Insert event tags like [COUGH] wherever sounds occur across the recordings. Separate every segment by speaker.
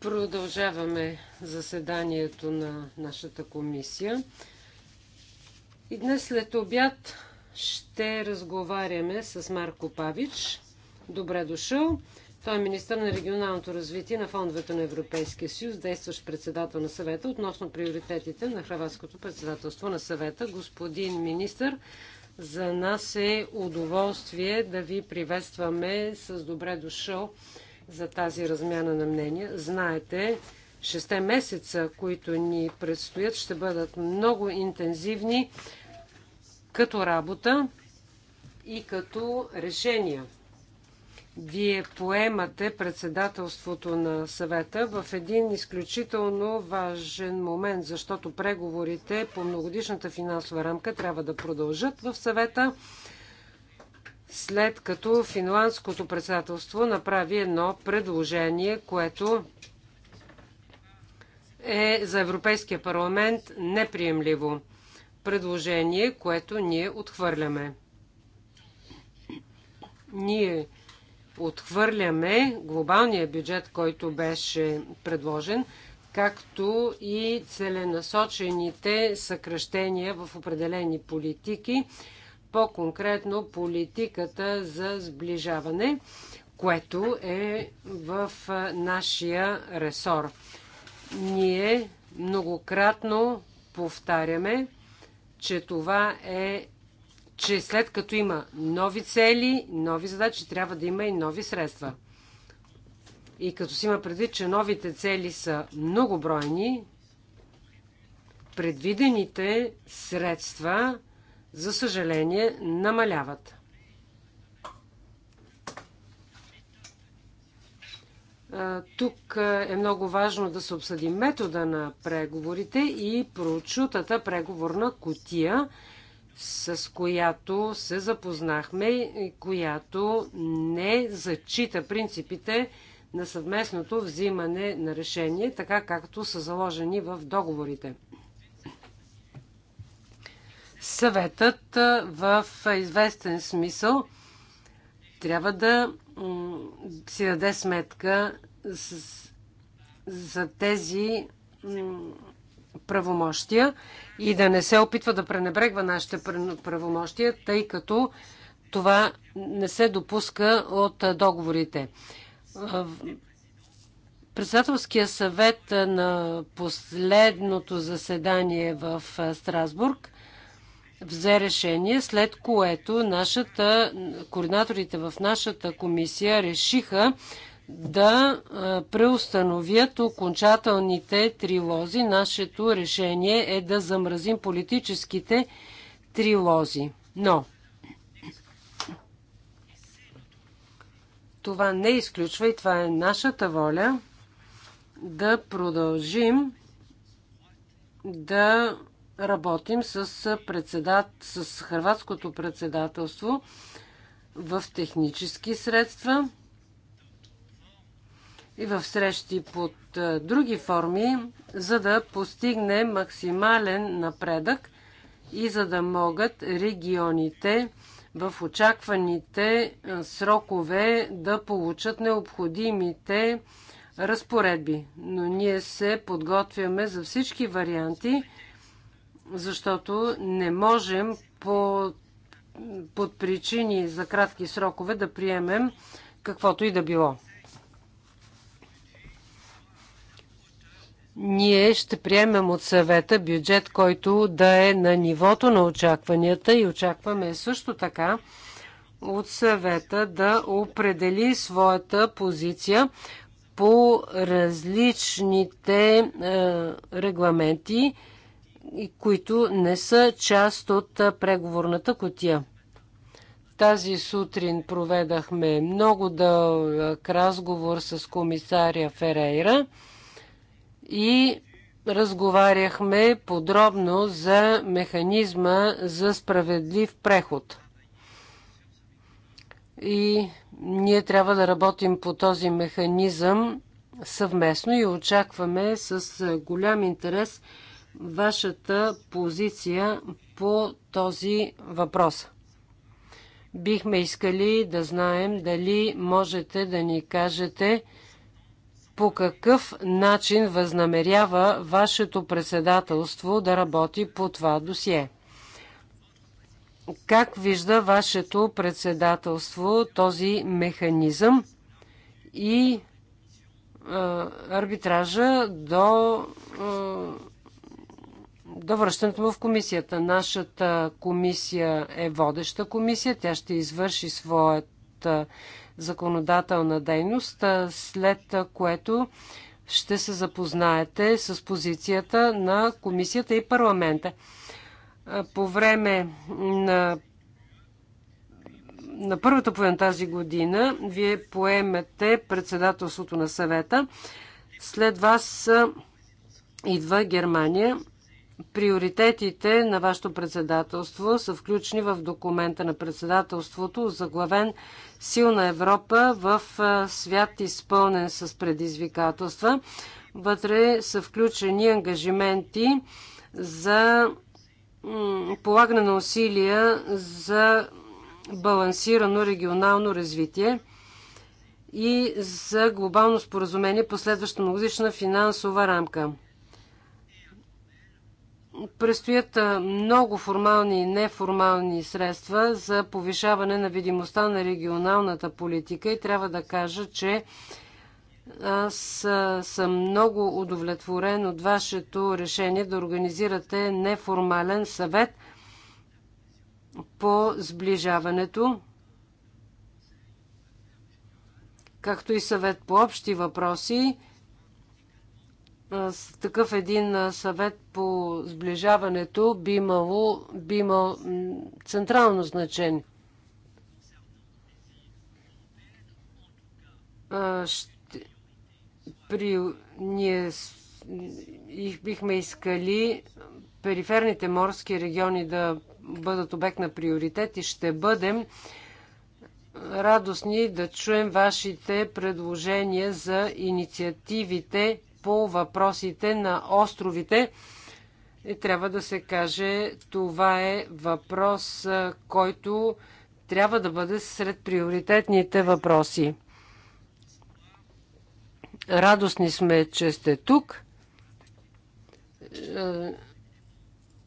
Speaker 1: Продължаваме заседанието на нашата комисия. И днес след обяд ще разговаряме с Марко Павич. Добре дошъл. Той е министър на регионалното развитие на фондовете на Европейския съюз, действащ председател на съвета относно приоритетите на хрватското председателство на съвета. Господин министър, за нас е удоволствие да ви приветстваме с добре дошъл за тази размяна на мнения. Знаете, шесте месеца, които ни предстоят, ще бъдат много интензивни като работа и като решения. Вие поемате председателството на съвета в един изключително важен момент, защото преговорите по многодишната финансова рамка трябва да продължат в съвета, след като финландското председателство направи едно предложение, което е за Европейския парламент неприемливо. Предложение, което ние отхвърляме. Ние отхвърляме глобалния бюджет, който беше предложен, както и целенасочените съкръщения в определени политики, по-конкретно политиката за сближаване, което е в нашия ресор. Ние многократно повтаряме, че това е че след като има нови цели, нови задачи, трябва да има и нови средства. И като си има предвид, че новите цели са многобройни, предвидените средства, за съжаление, намаляват. Тук е много важно да се обсъди метода на преговорите и прочутата преговорна котия с която се запознахме и която не зачита принципите на съвместното взимане на решение, така както са заложени в договорите. Съветът в известен смисъл трябва да си даде сметка за тези правомощия и да не се опитва да пренебрегва нашите правомощия, тъй като това не се допуска от договорите. Председателския съвет на последното заседание в Страсбург взе решение, след което нашата, координаторите в нашата комисия решиха да преустановят окончателните трилози. Нашето решение е да замразим политическите трилози. Но това не изключва и това е нашата воля да продължим да работим с, председат, с хрватското председателство в технически средства – и в срещи под други форми, за да постигне максимален напредък и за да могат регионите в очакваните срокове да получат необходимите разпоредби. Но ние се подготвяме за всички варианти, защото не можем по, под причини за кратки срокове да приемем каквото и да било. ние ще приемем от съвета бюджет, който да е на нивото на очакванията и очакваме също така от съвета да определи своята позиция по различните е, регламенти, които не са част от преговорната котия. Тази сутрин проведахме много дълъг разговор с комисаря Ферейра и разговаряхме подробно за механизма за справедлив преход. И ние трябва да работим по този механизъм съвместно и очакваме с голям интерес вашата позиция по този въпрос. Бихме искали да знаем дали можете да ни кажете по какъв начин възнамерява вашето председателство да работи по това досие? Как вижда вашето председателство този механизъм и а, арбитража до, до връщането му в комисията? Нашата комисия е водеща комисия. Тя ще извърши своят законодателна дейност, след което ще се запознаете с позицията на комисията и парламента. По време на, на първата половина тази година вие поемете председателството на съвета. След вас идва Германия Приоритетите на вашето председателство са включени в документа на председателството, заглавен Силна Европа в свят изпълнен с предизвикателства. Вътре са включени ангажименти за полагане на усилия за балансирано регионално развитие и за глобално споразумение последваща многогодишна финансова рамка. Предстоят много формални и неформални средства за повишаване на видимостта на регионалната политика и трябва да кажа, че аз съм много удовлетворен от вашето решение да организирате неформален съвет по сближаването, както и съвет по общи въпроси такъв един съвет по сближаването би, имало, би имал централно значение. Ще, при, ние бихме искали периферните морски региони да бъдат обект на приоритет и ще бъдем радостни да чуем вашите предложения за инициативите по въпросите на островите. И трябва да се каже, това е въпрос, който трябва да бъде сред приоритетните въпроси. Радостни сме, че сте тук.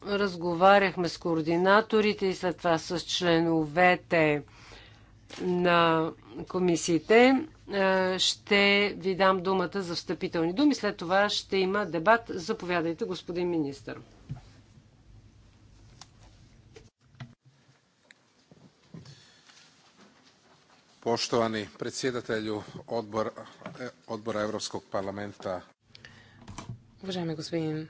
Speaker 1: Разговаряхме с координаторите и след това с членовете на комисиите. Ще ви дам думата за встъпителни думи. След това ще има дебат. Заповядайте, господин министр.
Speaker 2: Poštovani predsjedatelju odbor, odbora парламента. parlamenta.
Speaker 3: Уважаеми господин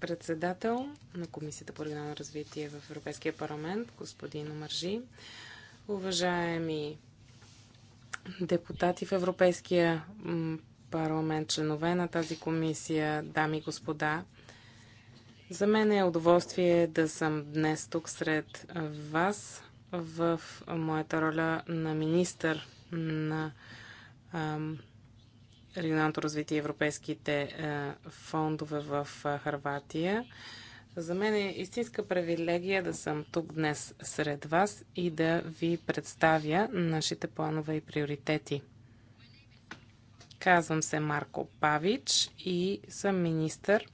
Speaker 3: председател на Комисията по регионално развитие в Европейския парламент, господин Омаржи, уважаеми депутати в Европейския парламент, членове на тази комисия, дами и господа. За мен е удоволствие да съм днес тук сред вас в моята роля на министър на регионалното развитие и европейските е, фондове в е, Харватия. За мен е истинска привилегия да съм тук днес сред вас и да ви представя нашите планове и приоритети. Казвам се Марко Павич и съм министър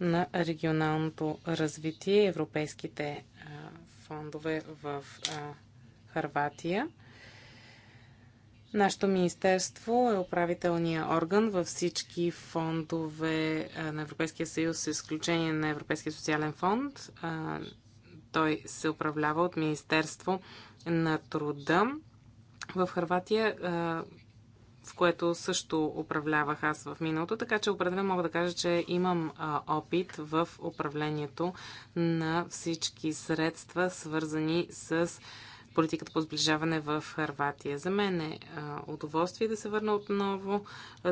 Speaker 3: на регионалното развитие и европейските фондове в Харватия. Нашето министерство е управителния орган във всички фондове на Европейския съюз, с изключение на Европейския социален фонд. Той се управлява от Министерство на труда в Харватия, в което също управлявах аз в миналото, така че определено мога да кажа, че имам опит в управлението на всички средства, свързани с политиката по сближаване в Харватия. За мен е удоволствие да се върна отново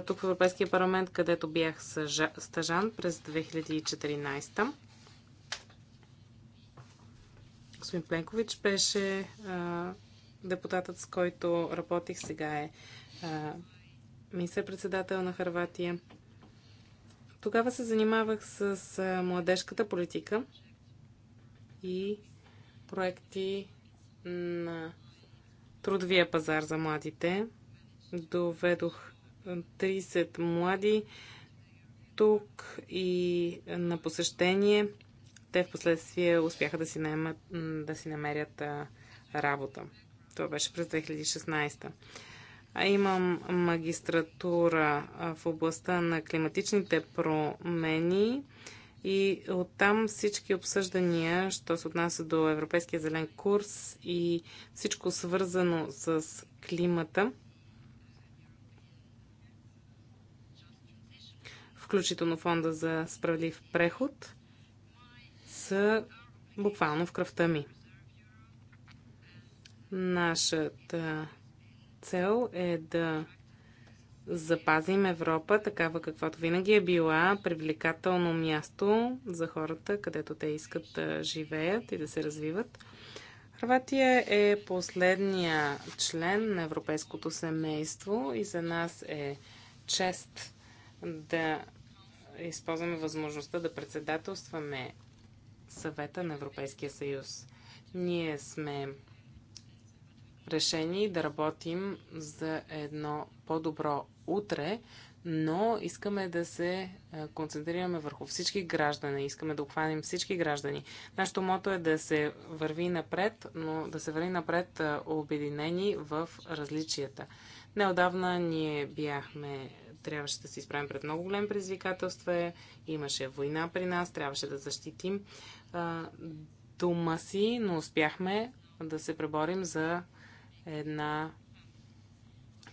Speaker 3: тук в Европейския парламент, където бях стажан през 2014. Господин Пленкович беше депутатът, с който работих. Сега е министър-председател на Харватия. Тогава се занимавах с младежката политика и проекти на трудовия пазар за младите. Доведох 30 млади тук и на посещение. Те в последствие успяха да си, наймат, да си намерят работа. Това беше през 2016. А имам магистратура в областта на климатичните промени и оттам всички обсъждания, що се отнася до Европейския зелен курс и всичко свързано с климата, включително фонда за справедлив преход, са буквално в кръвта ми. Нашата цел е да запазим Европа такава каквато винаги е била, привлекателно място за хората, където те искат да живеят и да се развиват. Хрватия е последния член на европейското семейство и за нас е чест да използваме възможността да председателстваме съвета на Европейския съюз. Ние сме и да работим за едно по-добро утре, но искаме да се е, концентрираме върху всички граждани, искаме да обхванем всички граждани. Нашето мото е да се върви напред, но да се върви напред е, обединени в различията. Неодавна ние бяхме, трябваше да се изправим пред много големи предизвикателство. Е, имаше война при нас, трябваше да защитим дома си, но успяхме да се преборим за една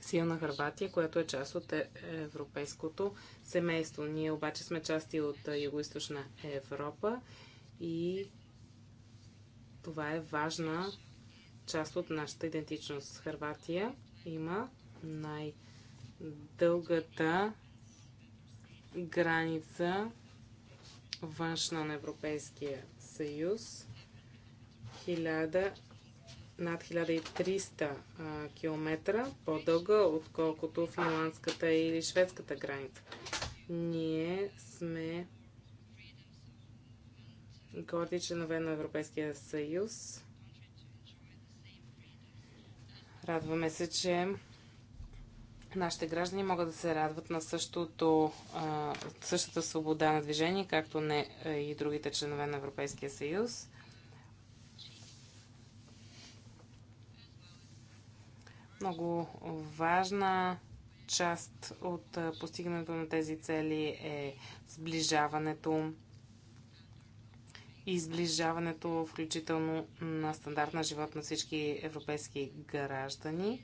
Speaker 3: силна Харватия, която е част от е, европейското семейство. Ние обаче сме части от е, Юго-Источна Европа и това е важна част от нашата идентичност. Харватия има най-дългата граница външна на Европейския съюз над 1300 км, по-дълга, отколкото финландската или шведската граница. Ние сме горди членове на Европейския съюз. Радваме се, че нашите граждани могат да се радват на същото, същата свобода на движение, както не и другите членове на Европейския съюз. Много важна част от постигането на тези цели е сближаването и сближаването включително на стандарт на живот на всички европейски граждани.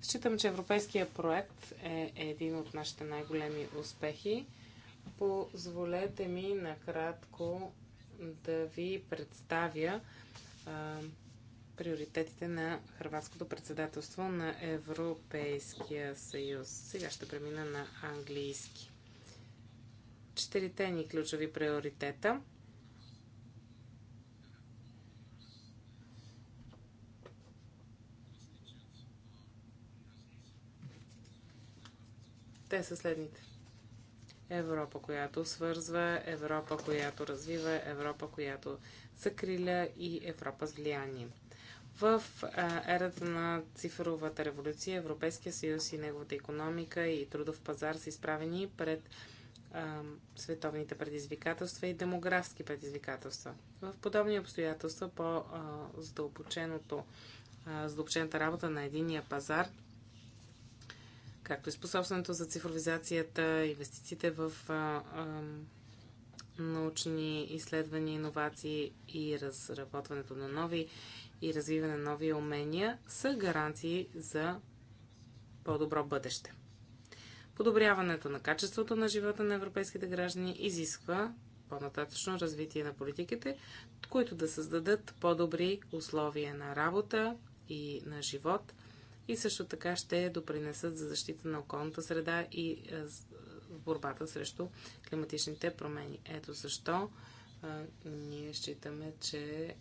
Speaker 3: Считам, че европейския проект е един от нашите най-големи успехи. Позволете ми накратко да ви представя приоритетите на Хрватското председателство на Европейския съюз. Сега ще премина на английски. Четирите ни ключови приоритета. Те са следните. Европа, която свързва, Европа, която развива, Европа, която закриля и Европа с влияние. В ерата на цифровата революция Европейския съюз и неговата економика и трудов пазар са изправени пред а, световните предизвикателства и демографски предизвикателства. В подобни обстоятелства по-задълбоченото задълбочената работа на единия пазар, както и способственото за цифровизацията, инвестициите в а, а, научни изследвания, иновации и разработването на нови и развиване на нови умения са гаранции за по-добро бъдеще. Подобряването на качеството на живота на европейските граждани изисква по-нататъчно развитие на политиките, които да създадат по-добри условия на работа и на живот и също така ще допринесат за защита на околната среда и в борбата срещу климатичните промени. Ето защо ние считаме, че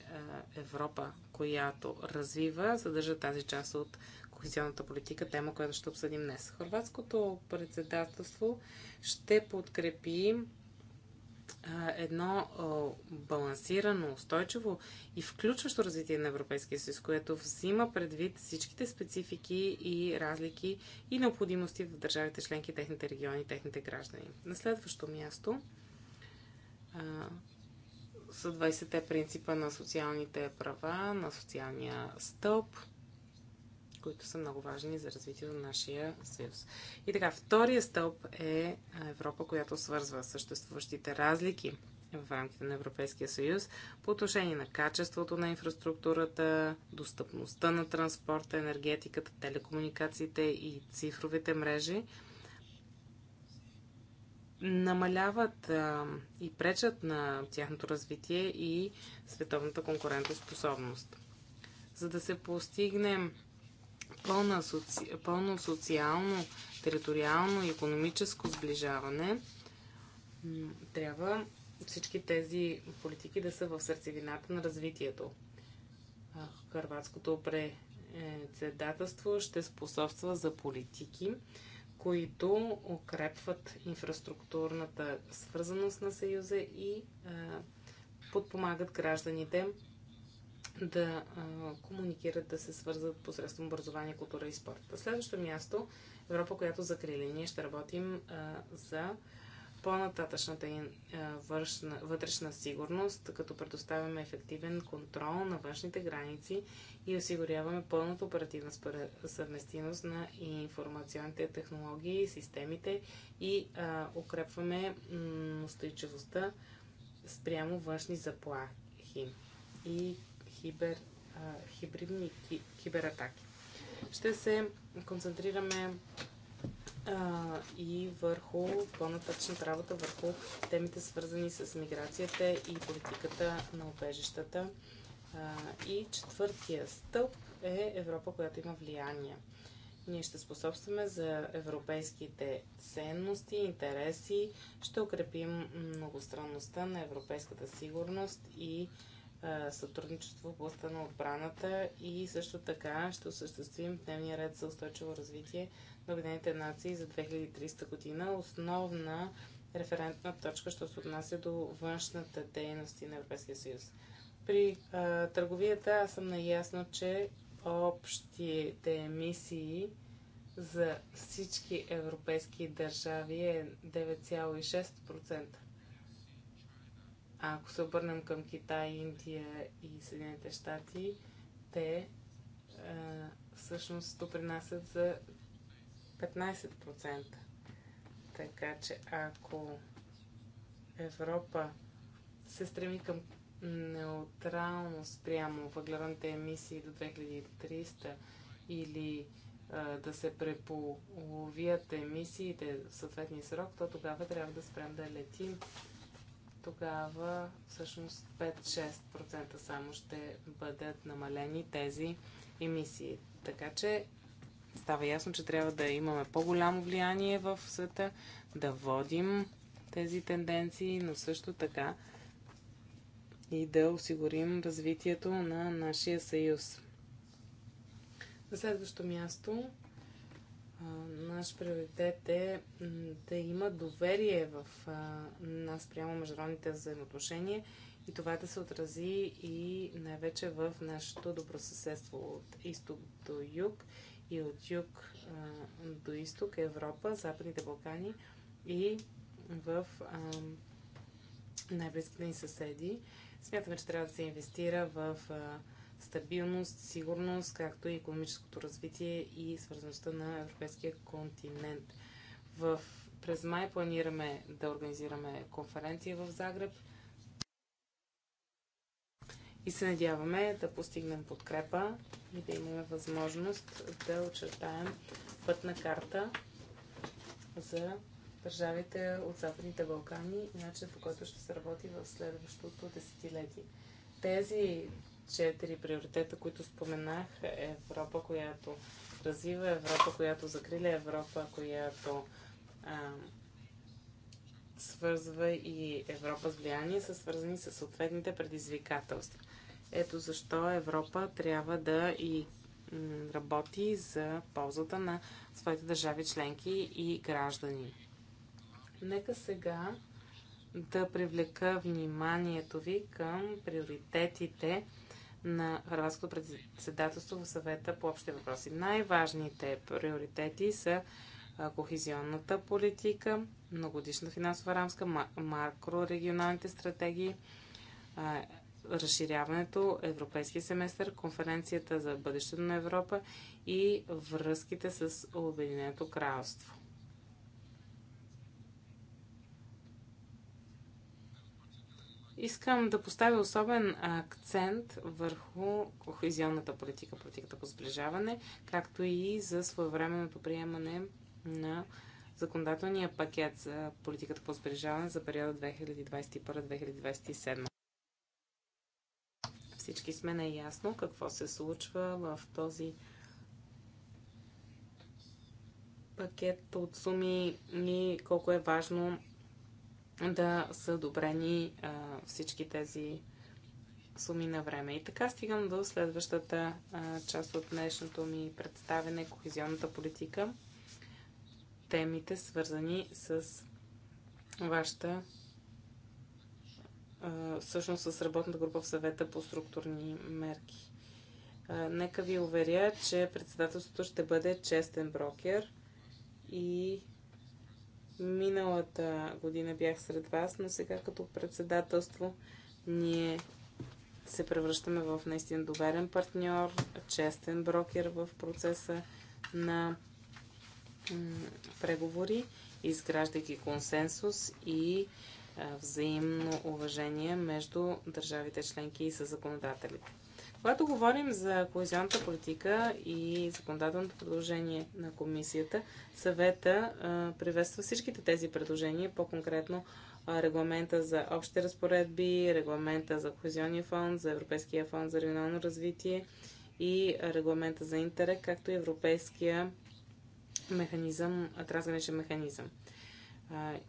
Speaker 3: Европа, която развива, съдържа тази част от кохезионната политика, тема, която ще обсъдим днес. Хорватското председателство ще подкрепи едно балансирано, устойчиво и включващо развитие на Европейския съюз, което взима предвид всичките специфики и разлики и необходимости в държавите членки, техните региони, техните граждани. На следващо място са 20-те принципа на социалните права, на социалния стълб, които са много важни за развитието на нашия съюз. И така, втория стълб е Европа, която свързва съществуващите разлики в рамките на Европейския съюз по отношение на качеството на инфраструктурата, достъпността на транспорта, енергетиката, телекомуникациите и цифровите мрежи – намаляват а, и пречат на тяхното развитие и световната конкурентоспособност. За да се постигне пълна соци... пълно социално, териториално и економическо сближаване, трябва всички тези политики да са в сърцевината на развитието. Хърватското председателство ще способства за политики, които укрепват инфраструктурната свързаност на Съюза и а, подпомагат гражданите да а, комуникират, да се свързват посредством образование, култура и спорта. Следващото следващо място Европа, която закриля. Ние ще работим а, за по-нататъчната им вътрешна сигурност, като предоставяме ефективен контрол на външните граници и осигуряваме пълната оперативна съвместимост на информационните технологии, системите и а, укрепваме устойчивостта спрямо външни заплахи и хибер, а, хибридни ки, кибератаки. Ще се концентрираме и върху по-нататъчната работа върху темите свързани с миграцията и политиката на убежищата. И четвъртия стълб е Европа, която има влияние. Ние ще способстваме за европейските ценности, интереси, ще укрепим многостранността на европейската сигурност и сътрудничество в областта на отбраната и също така ще осъществим дневния ред за устойчиво развитие Обединените нации за 2300 година основна референтна точка, що се отнася до външната дейност на Европейския съюз. При а, търговията аз съм наясно, че общите емисии за всички европейски държави е 9,6%. А ако се обърнем към Китай, Индия и Съединените щати, те а, всъщност допринасят за 15%. Така че ако Европа се стреми към неутралност прямо въглеродните емисии до 2300 или а, да се преполовият емисиите в съответния срок, то тогава трябва да спрем да летим. Тогава всъщност 5-6% само ще бъдат намалени тези емисии. Така че става ясно, че трябва да имаме по-голямо влияние в света, да водим тези тенденции, но също така и да осигурим развитието на нашия съюз. На следващо място, наш приоритет е да има доверие в нас прямо международните взаимоотношения и това да се отрази и най-вече в нашето добросъседство от изток до юг и от юг до изток Европа, Западните Балкани и в най-близките ни съседи. Смятаме, че трябва да се инвестира в стабилност, сигурност, както и економическото развитие и свързаността на европейския континент. В, през май планираме да организираме конференция в Загреб – и се надяваме да постигнем подкрепа и да имаме възможност да очертаем пътна карта за държавите от Западните Балкани и начинът, по който ще се работи в следващото десетилетие. Тези четири приоритета, които споменах, е Европа, която развива, Европа, която закриля, Европа, която а, свързва и Европа с влияние, са свързани с съответните предизвикателства. Ето защо Европа трябва да и работи за ползата на своите държави членки и граждани. Нека сега да привлека вниманието ви към приоритетите на Хрватското председателство в съвета по общи въпроси. Най-важните приоритети са кохезионната политика, многодишна финансова рамска, макрорегионалните стратегии, разширяването, Европейския семестър, конференцията за бъдещето на Европа и връзките с Обединеното кралство. Искам да поставя особен акцент върху кохезионната политика, политиката по сближаване, както и за своевременното приемане на законодателния пакет за политиката по сближаване за периода 2021-2027. Всички сме наясно какво се случва в този пакет от суми и колко е важно да са добрени всички тези суми на време. И така стигам до следващата част от днешното ми представене кохезионната политика. Темите свързани с вашата всъщност с работната група в съвета по структурни мерки. Нека ви уверя, че председателството ще бъде честен брокер и миналата година бях сред вас, но сега като председателство ние се превръщаме в наистина доверен партньор, честен брокер в процеса на преговори, изграждайки консенсус и взаимно уважение между държавите членки и със законодателите. Когато говорим за коезионната политика и законодателното предложение на комисията, съвета приветства всичките тези предложения, по-конкретно регламента за общите разпоредби, регламента за коезионния фонд, за Европейския фонд за регионално развитие и регламента за интерек, както и европейския механизъм, трансграничен механизъм.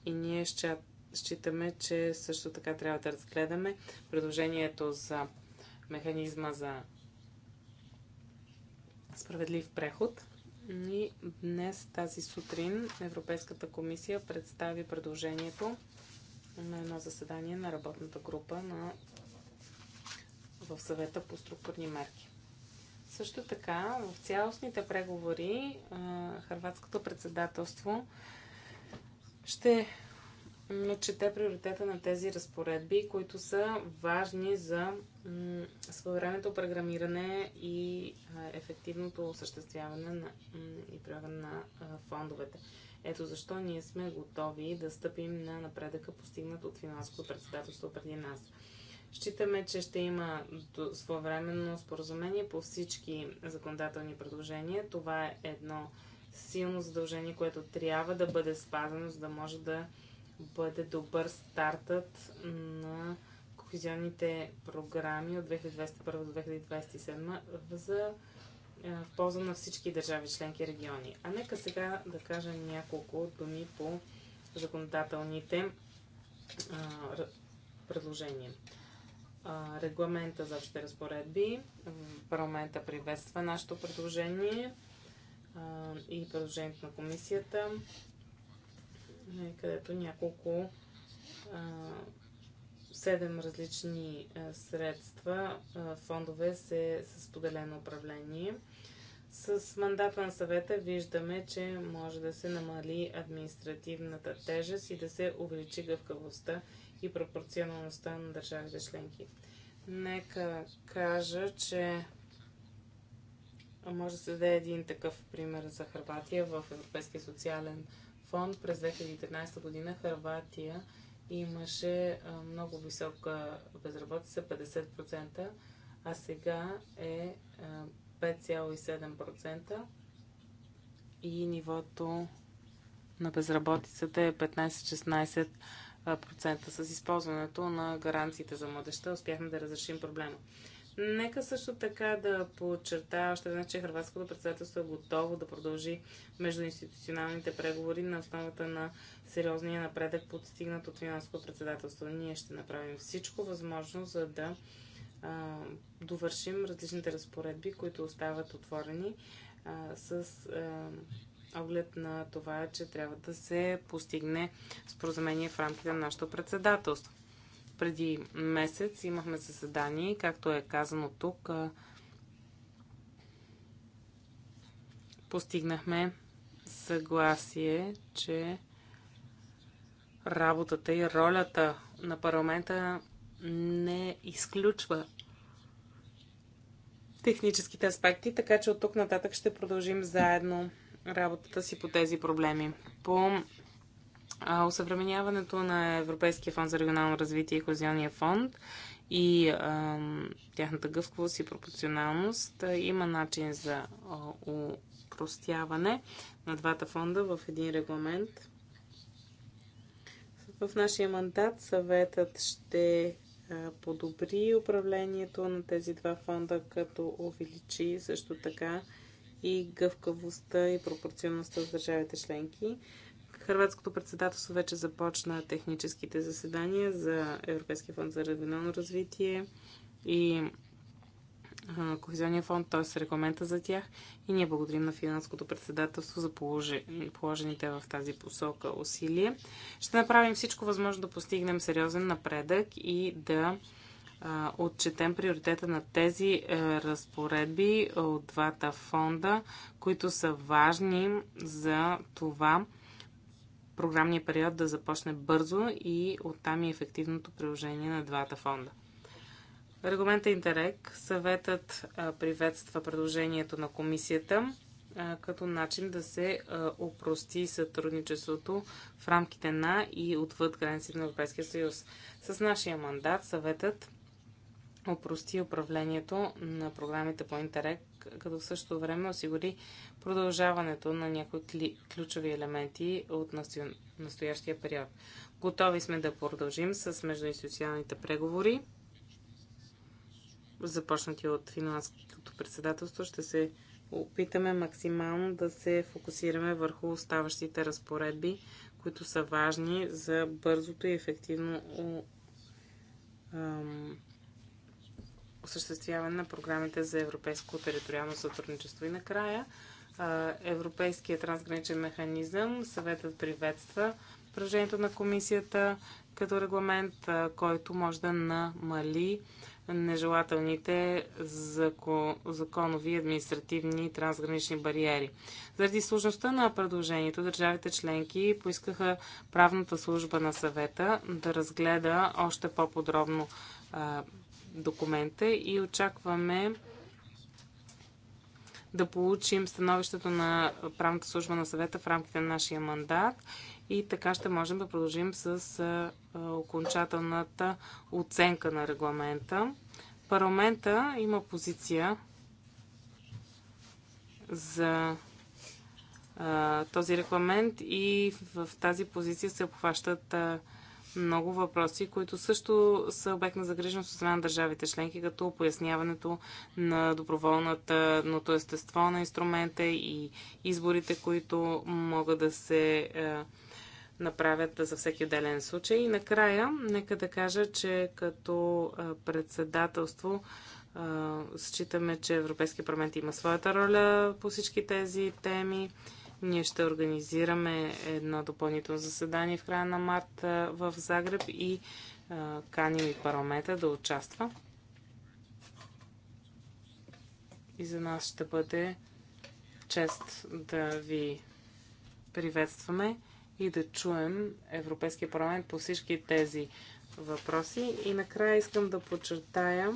Speaker 3: И ние Считаме, че също така трябва да разгледаме предложението за механизма за справедлив преход. И днес, тази сутрин, Европейската комисия представи предложението на едно заседание на работната група на... в съвета по структурни мерки. Също така, в цялостните преговори, Харватското председателство ще но чете приоритета на тези разпоредби, които са важни за своевременното програмиране и ефективното осъществяване на, и прилагане на фондовете. Ето защо ние сме готови да стъпим на напредъка, постигнат от финансовото председателство преди нас. Считаме, че ще има своевременно споразумение по всички законодателни предложения. Това е едно силно задължение, което трябва да бъде спазено, за да може да бъде добър стартът на кохезионните програми от 2021 до 2027 за е, в полза на всички държави, членки и региони. А нека сега да кажа няколко думи по законодателните а, предложения. А, регламента за общите разпоредби. Парламента приветства нашето предложение а, и предложението на комисията. Нали, където няколко седем различни средства, фондове се, с споделено управление. С мандата на съвета виждаме, че може да се намали административната тежест и да се увеличи гъвкавостта и пропорционалността на държавите членки. Нека кажа, че може да се даде един такъв пример за Харватия в Европейския социален фонд фонд през 2013 година Харватия имаше много висока безработица 50%, а сега е 5,7% и нивото на безработицата е 15-16% с използването на гаранциите за младеща успяхме да разрешим проблема. Нека също така да подчертая още веднъж, че Хрватското председателство е готово да продължи междуинституционалните преговори на основата на сериозния напредък, подстигнат от финанското председателство. Ние ще направим всичко възможно, за да а, довършим различните разпоредби, които остават отворени а, с а, оглед на това, че трябва да се постигне споразумение в рамките на нашето председателство. Преди месец имахме заседание, както е казано тук, постигнахме съгласие, че работата и ролята на парламента не изключва техническите аспекти, така че от тук нататък ще продължим заедно работата си по тези проблеми. По Осъвременяването на Европейския фонд за регионално развитие и Козионния фонд и а, тяхната гъвкавост и пропорционалност има начин за упростяване на двата фонда в един регламент. В нашия мандат съветът ще подобри управлението на тези два фонда, като увеличи също така и гъвкавостта и пропорционността с държавите членки. Хрватското председателство вече започна техническите заседания за Европейския фонд за регионално развитие и Кохезионния фонд, т.е. регламента за тях. И ние благодарим на финанското председателство за положените в тази посока усилия. Ще направим всичко възможно да постигнем сериозен напредък и да отчетем приоритета на тези е, разпоредби от двата фонда, които са важни за това програмния период да започне бързо и оттам и ефективното приложение на двата фонда. Регламента Интерек съветът приветства предложението на комисията като начин да се опрости сътрудничеството в рамките на и отвъд границите на Европейския съюз. С нашия мандат съветът опрости управлението на програмите по Интерек, като в същото време осигури продължаването на някои ключови елементи от настоящия период. Готови сме да продължим с междуинституционалните преговори, започнати от финландското председателство. Ще се опитаме максимално да се фокусираме върху оставащите разпоредби, които са важни за бързото и ефективно осъществяване на програмите за европейско териториално сътрудничество. И накрая, Европейския трансграничен механизъм. Съветът приветства предложението на комисията като регламент, който може да намали нежелателните законови административни трансгранични бариери. Заради сложността на предложението, държавите членки поискаха правната служба на съвета да разгледа още по-подробно документа и очакваме да получим становището на правната служба на съвета в рамките на нашия мандат и така ще можем да продължим с окончателната оценка на регламента. Парламента има позиция за този регламент и в тази позиция се обхващат много въпроси, които също са обект на загриженост от страна на държавите членки, като поясняването на доброволната то естество на инструмента и изборите, които могат да се е, направят за всеки отделен случай. И накрая, нека да кажа, че като е, председателство е, считаме, че Европейския парламент има своята роля по всички тези теми ние ще организираме едно допълнително заседание в края на март в Загреб и каним и парламента да участва. И за нас ще бъде чест да ви приветстваме и да чуем Европейския парламент по всички тези въпроси. И накрая искам да подчертая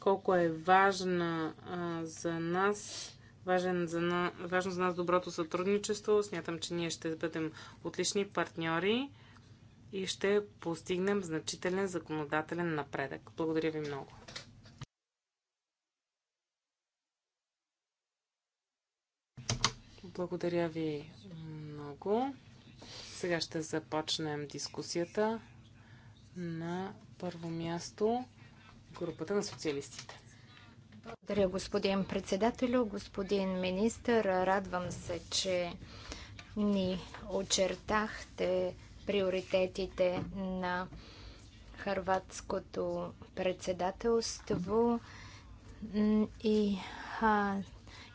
Speaker 3: колко е важна а, за нас Важен за на... Важно за нас доброто сътрудничество. Смятам, че ние ще бъдем отлични партньори и ще постигнем значителен законодателен напредък. Благодаря ви много. Благодаря ви много. Сега ще започнем дискусията на първо място групата на социалистите.
Speaker 4: Благодаря, господин председателю, господин министър. Радвам се, че ни очертахте приоритетите на хърватското председателство и а,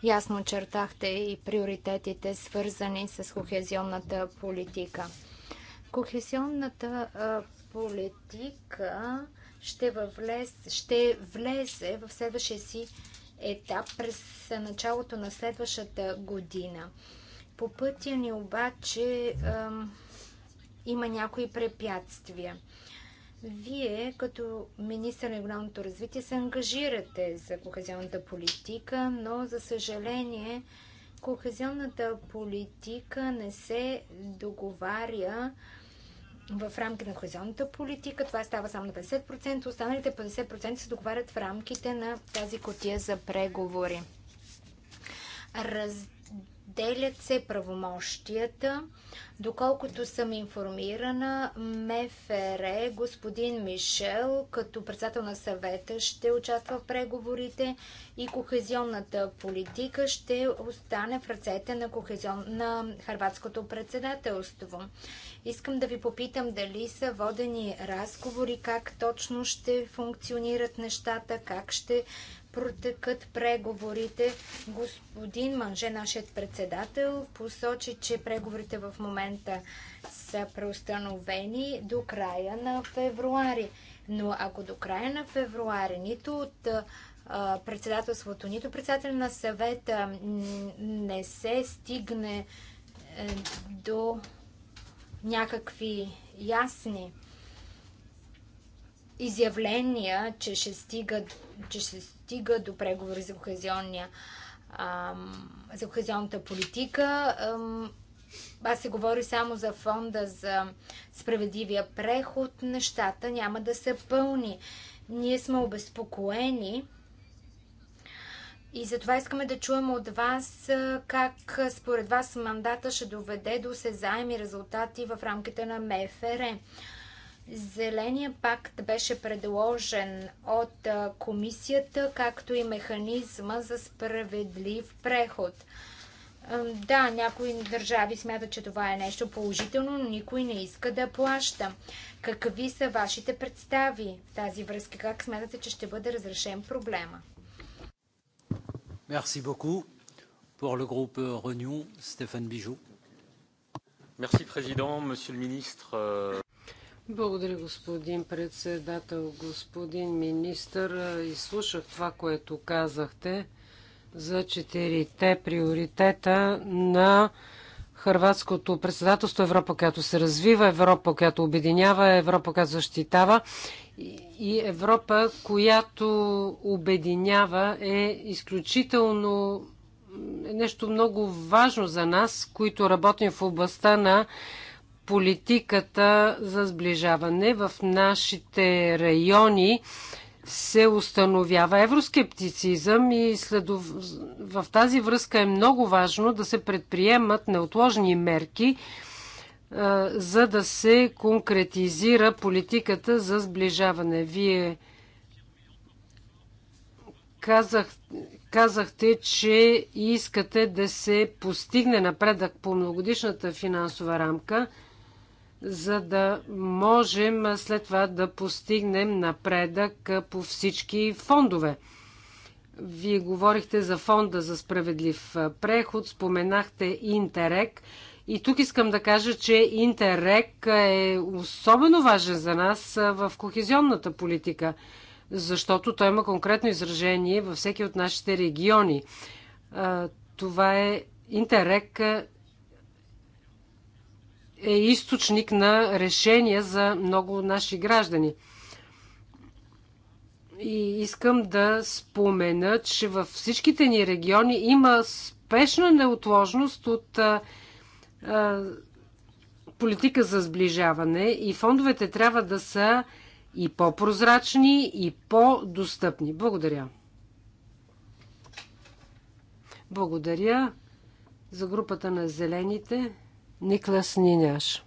Speaker 4: ясно очертахте и приоритетите, свързани с кохезионната политика. Кохезионната политика ще, влез, ще влезе в следващия си етап през началото на следващата година. По пътя ни обаче ам, има някои препятствия. Вие, като министър на регионалното развитие, се ангажирате за кохезионната политика, но за съжаление кохезионната политика не се договаря в рамките на хоризонта политика. Това става само на 50%. Останалите 50% се договарят в рамките на тази котия за преговори. Раз Делят се правомощията. Доколкото съм информирана, МФР, господин Мишел, като председател на съвета, ще участва в преговорите и кохезионната политика ще остане в ръцете на, кохезион... на Харватското председателство. Искам да ви попитам дали са водени разговори, как точно ще функционират нещата, как ще протекат преговорите. Господин Манже, нашият председател, посочи, че преговорите в момента са преустановени до края на февруари. Но ако до края на февруари нито от председателството, нито председател на съвета не се стигне е, до някакви ясни изявления, че ще стигат, че ще стига до преговори за кохезионния за кохезионната политика. Аз се говори само за фонда за справедливия преход. Нещата няма да се пълни. Ние сме обезпокоени и затова искаме да чуем от вас как според вас мандата ще доведе до сезаеми резултати в рамките на МФР. Зеления пакт беше предложен от комисията, както и механизма за справедлив преход. Да, някои държави смятат, че това е нещо положително, но никой не иска да плаща. Какви са вашите представи в тази връзка? Как смятате, че ще бъде разрешен проблема?
Speaker 2: Merci beaucoup. Pour le groupe euh, Renew, Stéphane Bijou. Merci Président, Monsieur le Ministre. Euh,
Speaker 1: благодаря, господин председател, господин министър. Изслушах това, което казахте за четирите приоритета на Хрватското председателство Европа, която се развива, Европа, която обединява, Европа, която защитава и Европа, която обединява е изключително е нещо много важно за нас, които работим в областта на политиката за сближаване. В нашите райони се установява евроскептицизъм и следов... в тази връзка е много важно да се предприемат неотложни мерки, за да се конкретизира политиката за сближаване. Вие казах, казахте, че искате да се постигне напредък по многодишната финансова рамка – за да можем след това да постигнем напредък по всички фондове. Вие говорихте за фонда за справедлив преход, споменахте Интерек. И тук искам да кажа, че Интерек е особено важен за нас в кохезионната политика, защото той има конкретно изражение във всеки от нашите региони. Това е Интерек е източник на решения за много наши граждани. И искам да спомена, че във всичките ни региони има спешна неотложност от а, а, политика за сближаване и фондовете трябва да са и по-прозрачни, и по-достъпни. Благодаря. Благодаря за групата на зелените. Никлас Ниняш.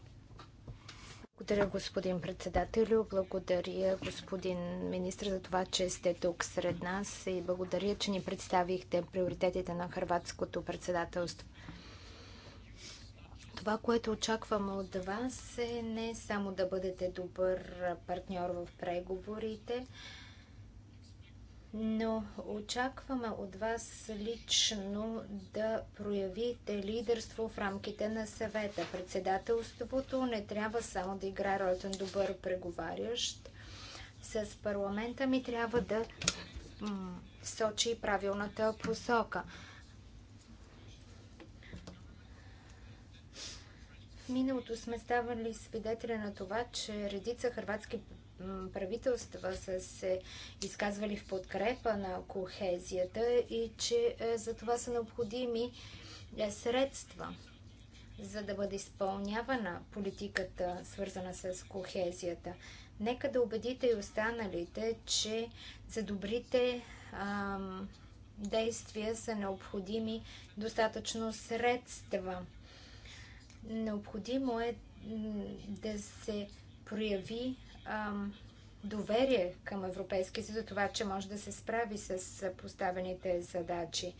Speaker 4: Благодаря, господин председателю. Благодаря, господин министр, за това, че сте тук сред нас и благодаря, че ни представихте приоритетите на хрватското председателство. Това, което очакваме от вас е не само да бъдете добър партньор в преговорите, но очакваме от вас лично да проявите лидерство в рамките на съвета. Председателството не трябва само да играе ролята на добър преговарящ с парламента, ми трябва да сочи правилната посока. В миналото сме ставали свидетели на това, че редица хрватски правителства са се изказвали в подкрепа на кохезията и че е, за това са необходими е, средства, за да бъде изпълнявана политиката, свързана с кохезията. Нека да убедите и останалите, че за добрите ам, действия са необходими достатъчно средства. Необходимо е да се прояви доверие към Европейския съюз за това, че може да се справи с поставените задачи.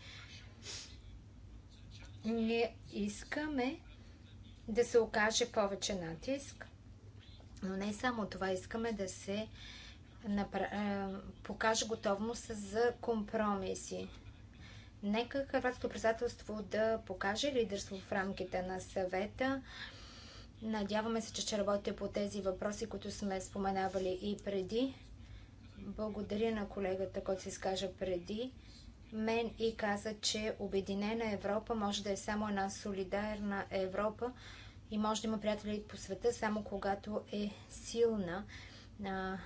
Speaker 4: Ние искаме да се окаже повече натиск, но не само това. Искаме да се напра... покаже готовност за компромиси. Нека Хрватското председателство да покаже лидерство в рамките на съвета. Надяваме се, че ще работите по тези въпроси, които сме споменавали и преди. Благодаря на колегата, който се изкажа преди мен и каза, че Обединена Европа може да е само една солидарна Европа и може да има приятели по света, само когато е силна а,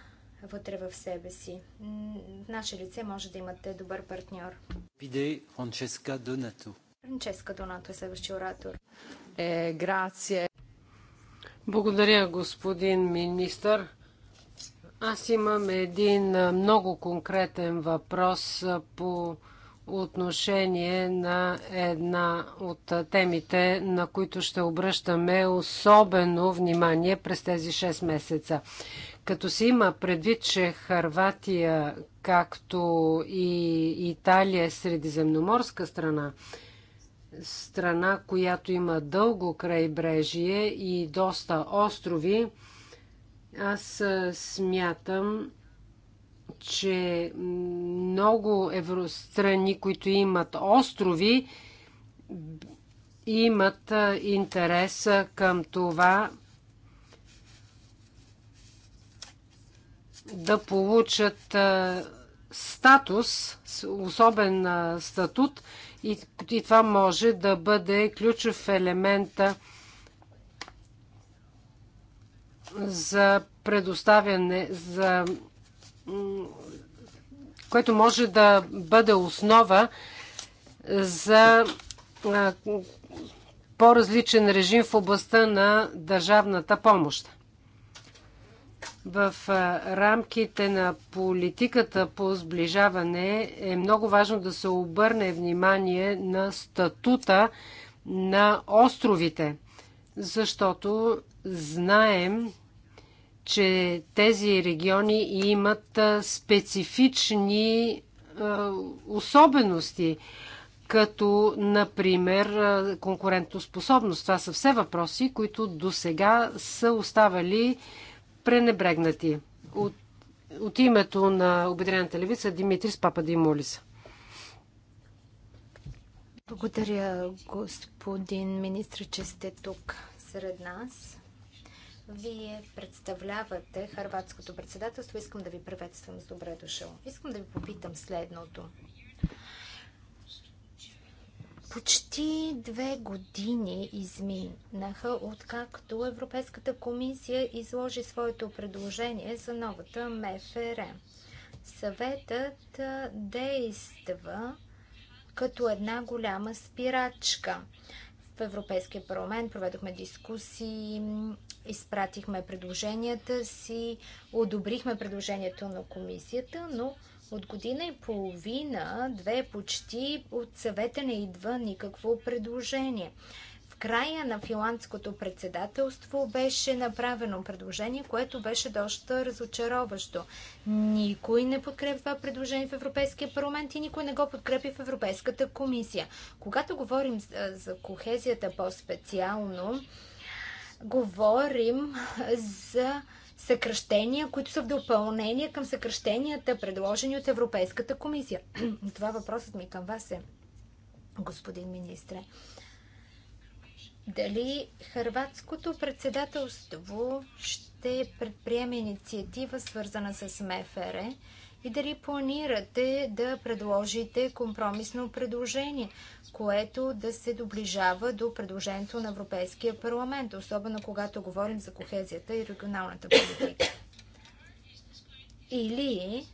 Speaker 4: вътре в себе си. В наше лице може да имате добър партньор.
Speaker 2: Пиде Франческа Донато.
Speaker 4: Франческа Донато е следващия оратор. Е, грация. Благодаря, господин министър.
Speaker 1: Аз имам един много конкретен въпрос по отношение на една от темите, на които ще обръщаме особено внимание през тези 6 месеца. Като се има предвид, че Харватия, както и Италия е средиземноморска страна, страна, която има дълго крайбрежие и доста острови, аз смятам, че много евространи, които имат острови, имат интерес към това да получат статус, особен статут, и, и това може да бъде ключов елемент за предоставяне, за, което може да бъде основа за по-различен режим в областта на държавната помощ в рамките на политиката по сближаване е много важно да се обърне внимание на статута на островите, защото знаем, че тези региони имат специфични особености, като, например, конкурентоспособност. Това са все въпроси, които до сега са оставали пренебрегнати. От, от името на Обединената левица Димитрис Пападимолис.
Speaker 4: Благодаря, господин министр, че сте тук сред нас. Вие представлявате Харватското председателство. Искам да ви приветствам с добре дошъл. Искам да ви попитам следното. Почти две години изминаха, откакто Европейската комисия изложи своето предложение за новата МФР. Съветът действа като една голяма спирачка. В Европейския парламент проведохме дискусии, изпратихме предложенията си, одобрихме предложението на комисията, но от година и половина, две почти, от съвета не идва никакво предложение. В края на финландското председателство беше направено предложение, което беше доста разочароващо. Никой не подкрепи това предложение в Европейския парламент и никой не го подкрепи в Европейската комисия. Когато говорим за кохезията по-специално, говорим за съкръщения, които са в допълнение към съкръщенията, предложени от Европейската комисия. [CLEARS THROAT] Това въпросът ми към вас е, господин министре. Дали хрватското председателство ще предприеме инициатива, свързана с МФР, и дали планирате да предложите компромисно предложение, което да се доближава до предложението на Европейския парламент, особено когато говорим за кохезията и регионалната политика. Или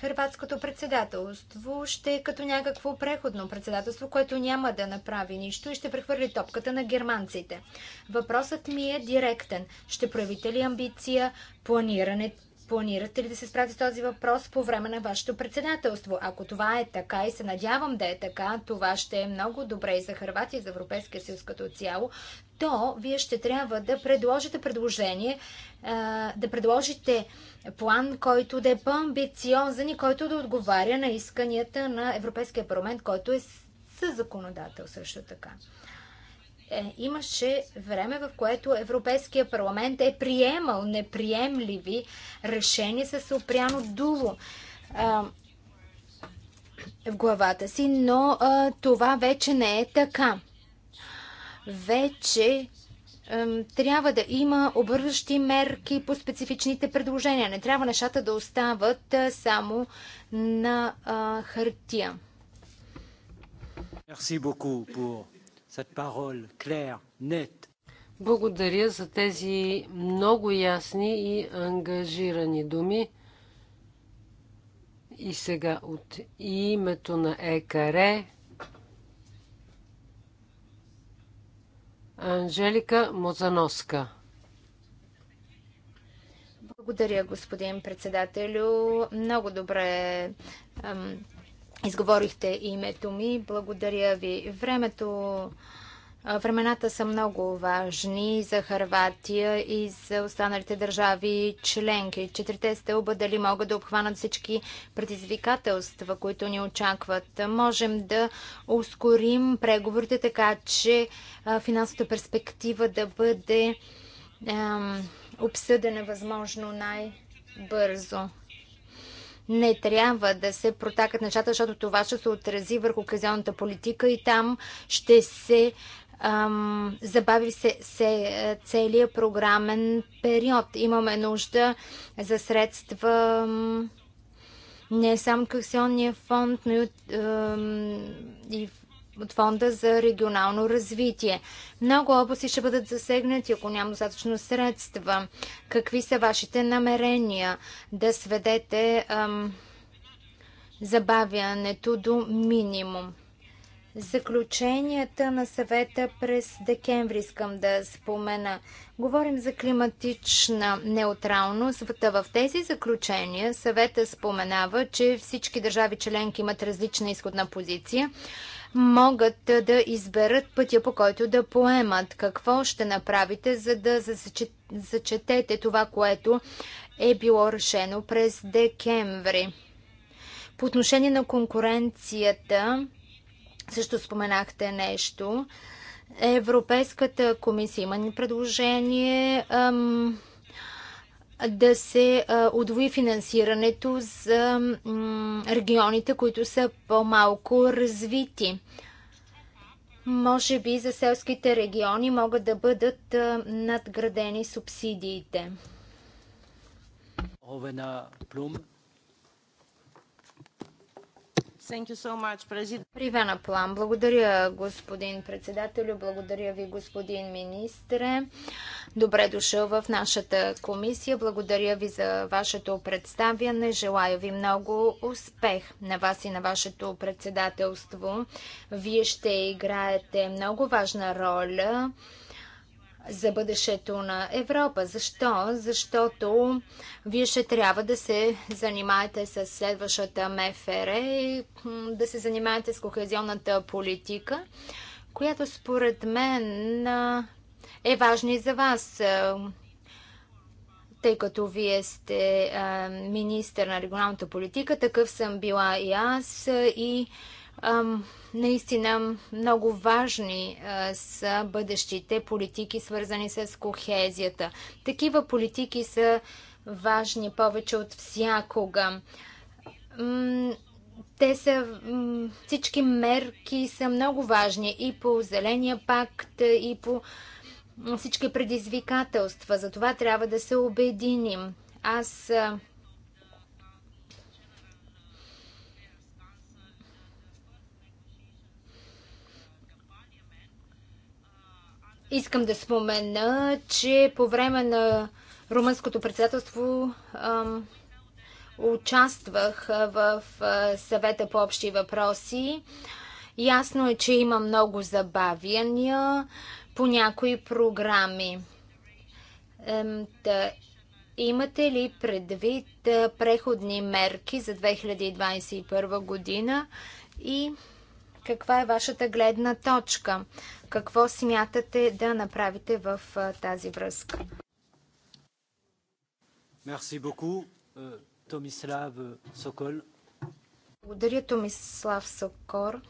Speaker 4: Хрватското председателство ще е като някакво преходно председателство, което няма да направи нищо и ще прехвърли топката на германците. Въпросът ми е директен. Ще проявите ли амбиция? Планиране, Планирате ли да се справите с този въпрос по време на вашето председателство? Ако това е така и се надявам да е така, това ще е много добре и за Харватия, и за Европейския съюз като цяло, то вие ще трябва да предложите предложение, да предложите план, който да е по-амбициозен и който да отговаря на исканията на Европейския парламент, който е със законодател също така е, имаше време, в което Европейския парламент е приемал неприемливи решения с опряно дуло а, в главата си, но а, това вече не е така. Вече а, трябва да има обвързващи мерки по специфичните предложения. Не трябва нещата да остават само на хартия.
Speaker 2: Merci beaucoup pour
Speaker 1: благодаря за тези много ясни и ангажирани думи. И сега от името на ЕКАРЕ Анжелика Мозановска.
Speaker 4: Благодаря, господин председателю. Много добре Изговорихте името ми. Благодаря ви. Времето, времената са много важни за Харватия и за останалите държави членки. Четирите стълба дали могат да обхванат всички предизвикателства, които ни очакват. Можем да ускорим преговорите така, че финансовата перспектива да бъде ем, обсъдена възможно най-бързо не трябва да се протакат нещата, защото това ще се отрази върху казионната политика и там ще се ам, забави се, се е, целият програмен период. Имаме нужда за средства ам, не само Касионния фонд, но и, ам, и от фонда за регионално развитие. Много области ще бъдат засегнати, ако няма достатъчно средства. Какви са вашите намерения да сведете ам, забавянето до минимум? Заключенията на съвета през декември искам да спомена. Говорим за климатична неутралност. В тези заключения съвета споменава, че всички държави членки имат различна изходна позиция могат да изберат пътя по който да поемат. Какво ще направите, за да зачетете това, което е било решено през декември? По отношение на конкуренцията, също споменахте нещо. Европейската комисия има ни предложение. Ам, да се удвои финансирането за регионите, които са по-малко развити. Може би за селските региони могат да бъдат надградени субсидиите.
Speaker 2: Овена Плум.
Speaker 4: Привена План, благодаря господин председателю, благодаря ви господин министре. Добре дошъл в нашата комисия. Благодаря ви за вашето представяне. Желая ви много успех на вас и на вашето председателство. Вие ще играете много важна роля за бъдещето на Европа. Защо? Защото вие ще трябва да се занимаете с следващата МФР и да се занимаете с кохезионната политика, която според мен е важна и за вас, тъй като вие сте министър на регионалната политика, такъв съм била и аз и наистина много важни са бъдещите политики, свързани с кохезията. Такива политики са важни повече от всякога. те са, всички мерки са много важни и по Зеления пакт, и по всички предизвикателства. Затова трябва да се обединим. Аз Искам да спомена, че по време на румънското председателство ам, участвах в съвета по общи въпроси. Ясно е, че има много забавяния по някои програми. Ем, да, имате ли предвид преходни мерки за 2021 година и каква е вашата гледна точка? Какво смятате да направите в тази връзка?
Speaker 2: Merci beaucoup, Томислав euh, Сокол.
Speaker 4: Благодаря, Томислав Сокор.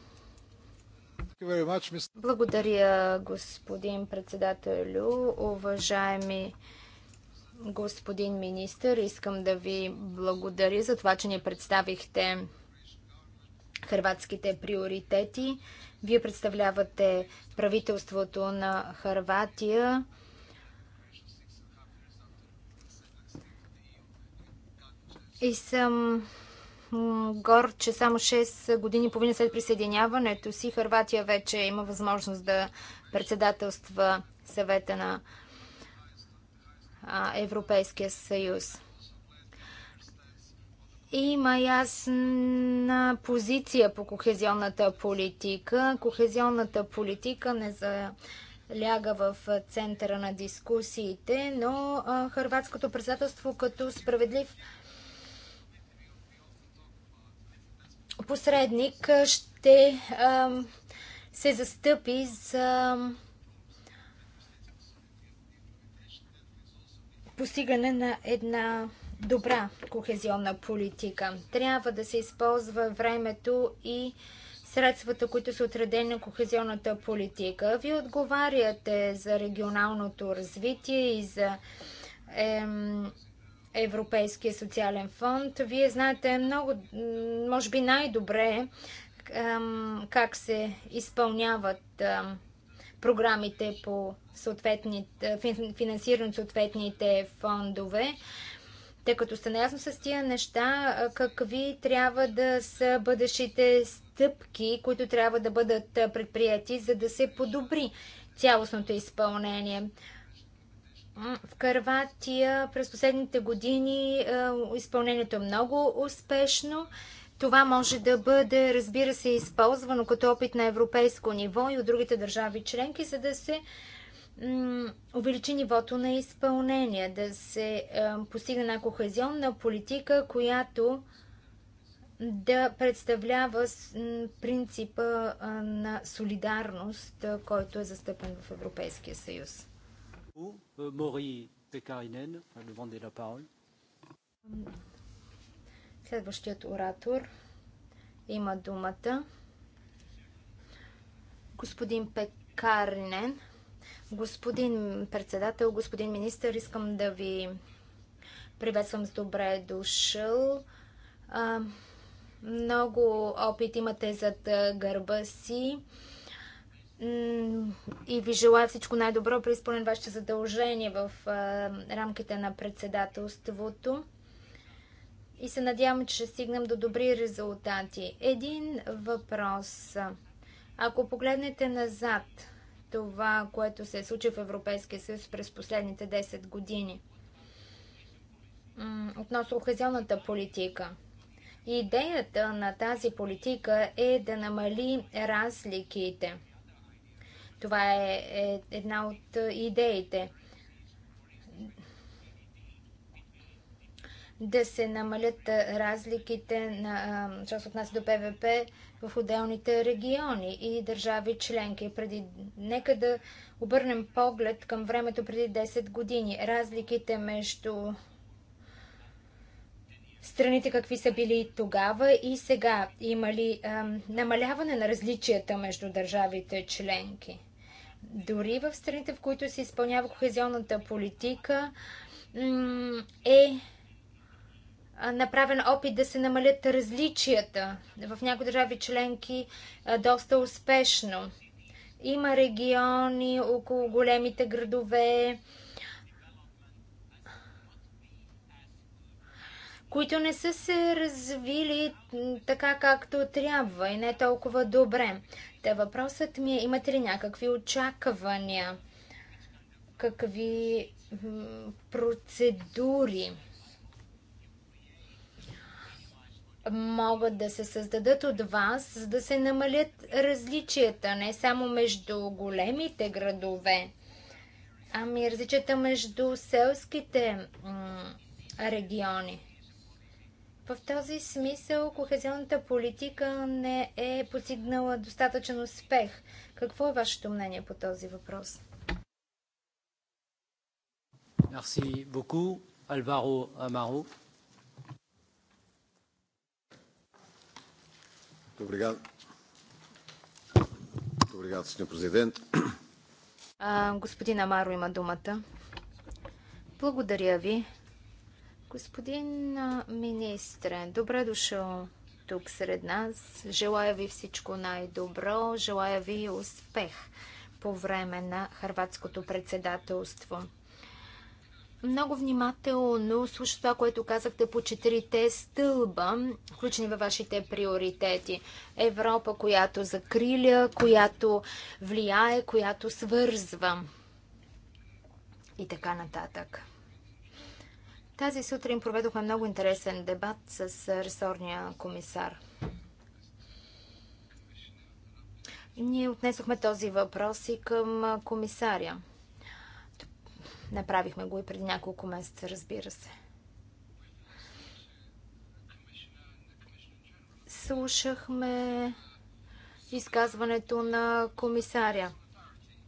Speaker 4: Благодаря, господин председателю. Уважаеми господин министр, искам да ви благодаря за това, че ни представихте хрватските приоритети. Вие представлявате правителството на Харватия. И съм гор, че само 6 години и половина след присъединяването си Харватия вече има възможност да председателства съвета на Европейския съюз. Има ясна позиция по кохезионната политика. Кохезионната политика не за ляга в центъра на дискусиите, но а, хърватското председателство като справедлив посредник ще се застъпи за постигане на една добра кохезионна политика. Трябва да се използва времето и средствата, които са отредени на кохезионната политика. Вие отговаряте за регионалното развитие и за ем, Европейския социален фонд. Вие знаете много, може би най-добре, ем, как се изпълняват ем, програмите по съответните, от съответните фондове. Тъй като сте наясно с тия неща, какви трябва да са бъдещите стъпки, които трябва да бъдат предприяти, за да се подобри цялостното изпълнение. В Карватия през последните години изпълнението е много успешно. Това може да бъде, разбира се, използвано като опит на европейско ниво и от другите държави членки, за да се увеличи нивото на изпълнение, да се е, постигне на кохезионна политика, която да представлява принципа на солидарност, който е застъпен в Европейския съюз.
Speaker 2: Е, Пекаринен,
Speaker 4: Следващият оратор има думата. Господин Пекаринен. Господин председател, господин министър, искам да ви приветствам с добре дошъл. много опит имате зад гърба си и ви желая всичко най-добро при изпълнен вашето задължение в рамките на председателството. И се надявам, че ще стигнем до добри резултати. Един въпрос. Ако погледнете назад, това, което се е случило в Европейския съюз през последните 10 години. Относно кохезионната политика. Идеята на тази политика е да намали разликите. Това е, е една от е, идеите. да се намалят разликите на, част от нас до ПВП в отделните региони и държави членки. Преди, нека да обърнем поглед към времето преди 10 години. Разликите между страните какви са били тогава и сега? Има ли ам, намаляване на различията между държавите членки? Дори в страните, в които се изпълнява кохезионната политика, е направен опит да се намалят различията. В някои държави членки доста успешно. Има региони около големите градове, които не са се развили така както трябва и не толкова добре. Та въпросът ми е, имате ли някакви очаквания? Какви процедури? могат да се създадат от вас, за да се намалят различията, не само между големите градове, ами различията между селските региони. В този смисъл кохезионната политика не е постигнала достатъчен успех. Какво е вашето мнение по този въпрос?
Speaker 2: Merci beaucoup, Alvaro Amaro. Muito obrigado. президент.
Speaker 4: Господин Амаро има думата. Благодаря ви. Господин министре, добре дошъл тук сред нас. Желая ви всичко най-добро. Желая ви успех по време на харватското председателство много внимателно слуша това, което казахте по четирите стълба, включени във вашите приоритети. Европа, която закриля, която влияе, която свързва и така нататък. Тази сутрин проведохме много интересен дебат с ресорния комисар. Ние отнесохме този въпрос и към комисаря. Направихме го и преди няколко месеца, разбира се. Слушахме изказването на комисаря.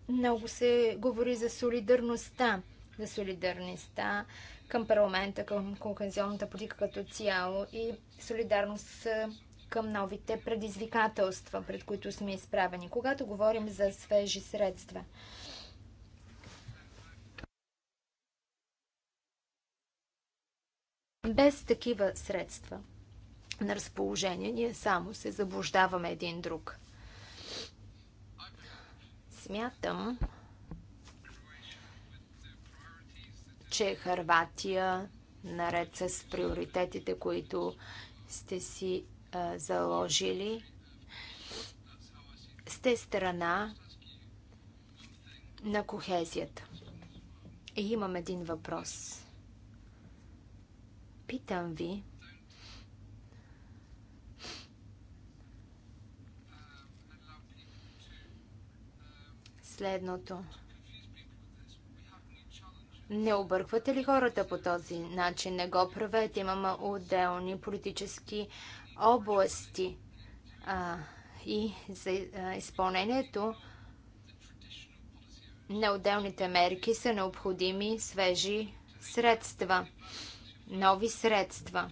Speaker 4: Много се говори за солидарността, за солидарността към парламента, към конкуренционната политика като цяло и солидарност към новите предизвикателства, пред които сме изправени. Когато говорим за свежи средства, Без такива средства на разположение ние само се заблуждаваме един друг. Смятам, че Харватия, наред с приоритетите, които сте си а, заложили, сте страна на кохезията. И имам един въпрос. Питам ви, следното. Не обърквате ли хората по този начин? Не го правете. Имаме отделни политически области. А, и за изпълнението на отделните мерки са необходими свежи средства нови средства.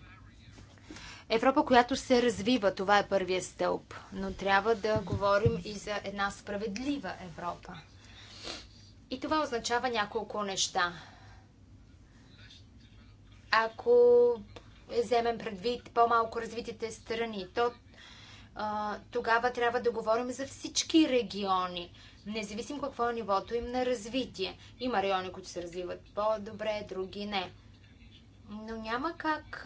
Speaker 4: Европа, която се развива, това е първия стълб. Но трябва да говорим и за една справедлива Европа. И това означава няколко неща. Ако вземем предвид по-малко развитите страни, то тогава трябва да говорим за всички региони, независимо какво е нивото им на развитие. Има райони, които се развиват по-добре, други не. Но няма как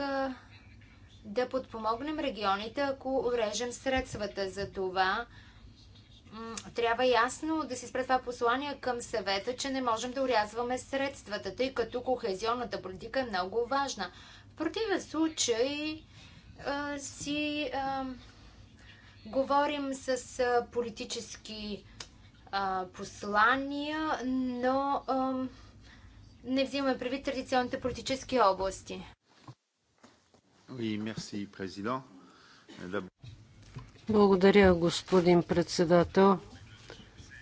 Speaker 4: да подпомогнем регионите, ако урежем средствата за това. Трябва ясно да си спре това послание към съвета, че не можем да урязваме средствата, тъй като кохезионната политика е много важна. В противен случай си говорим с политически послания, но не взимаме предвид традиционните политически области. Благодаря,
Speaker 1: господин председател.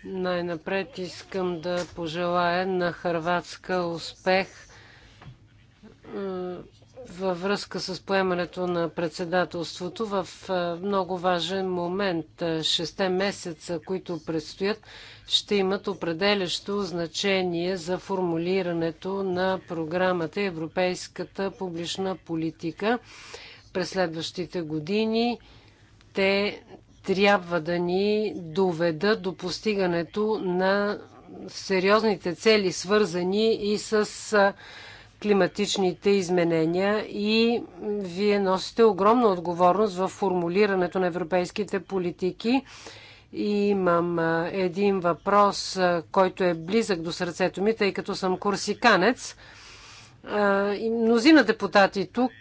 Speaker 1: Най-напред искам да пожелая на Харватска успех във връзка с поемането на председателството в много важен момент. Шесте месеца, които предстоят, ще имат определящо значение за формулирането на програмата Европейската публична политика през следващите години. Те трябва да ни доведат до постигането на сериозните цели, свързани и с климатичните изменения и вие носите огромна отговорност в формулирането на европейските политики. И имам един въпрос, който е близък до сърцето ми, тъй като съм курсиканец. Мнозина депутати тук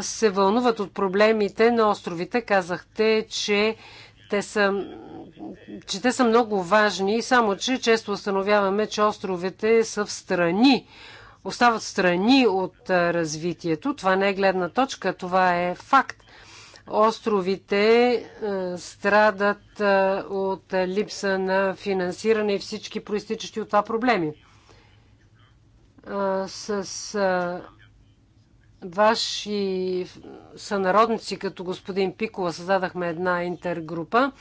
Speaker 1: се вълнуват от проблемите на островите. Казахте, че те са, че те са много важни, само че често установяваме, че островите са в страни остават страни от развитието. Това не е гледна точка, това е факт. Островите страдат от липса на финансиране и всички проистичащи от това проблеми. С ваши сънародници, като господин Пикова, създадахме една интергрупа,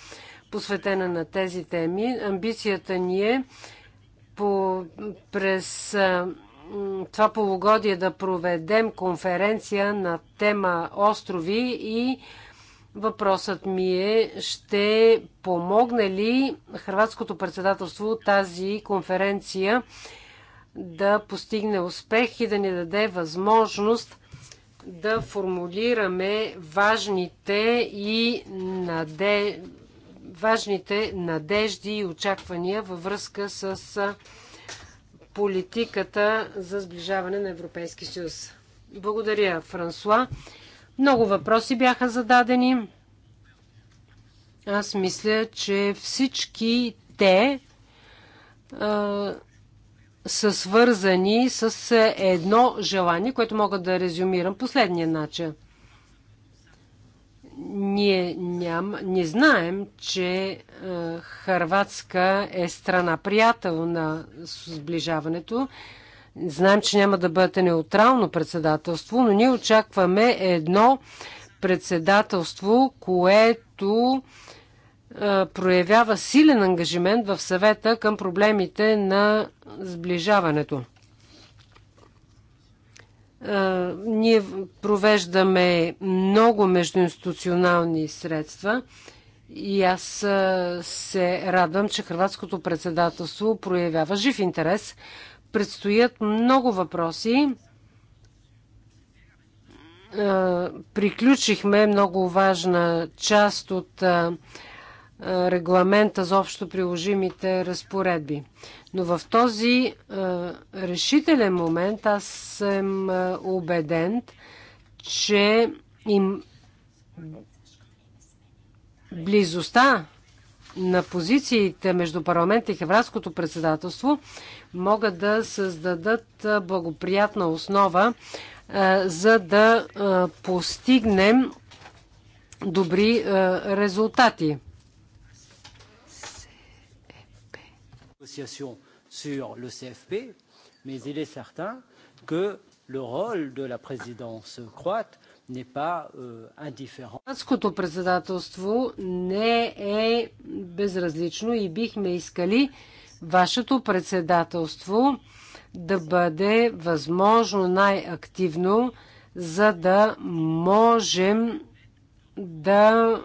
Speaker 1: посветена на тези теми. Амбицията ни е по, през това полугодие да проведем конференция на тема острови и въпросът ми е ще помогне ли Хрватското председателство тази конференция да постигне успех и да ни даде възможност да формулираме важните и наде... важните надежди и очаквания във връзка с политиката за сближаване на Европейски съюз. Благодаря, Франсуа. Много въпроси бяха зададени. Аз мисля, че всички те а, са свързани с едно желание, което мога да резюмирам последния начин – ние ням, не знаем, че е, Харватска е страна приятел на сближаването. Знаем, че няма да бъде неутрално председателство, но ние очакваме едно председателство, което е, проявява силен ангажимент в съвета към проблемите на сближаването ние провеждаме много междуинституционални средства и аз се радвам, че Хрватското председателство проявява жив интерес. Предстоят много въпроси. Приключихме много важна част от регламента за общо приложимите разпоредби. Но в този е, решителен момент аз съм е, убеден, че им близостта на позициите между парламента и Хевратското председателство могат да създадат е, благоприятна основа, за да постигнем добри резултати.
Speaker 2: négociations sur le CFP, mais il est certain que le rôle de la présidence croate n'est pas euh, indifférent.
Speaker 1: Хрватското председателство не е безразлично и бихме искали вашето председателство да бъде възможно най-активно, за да можем да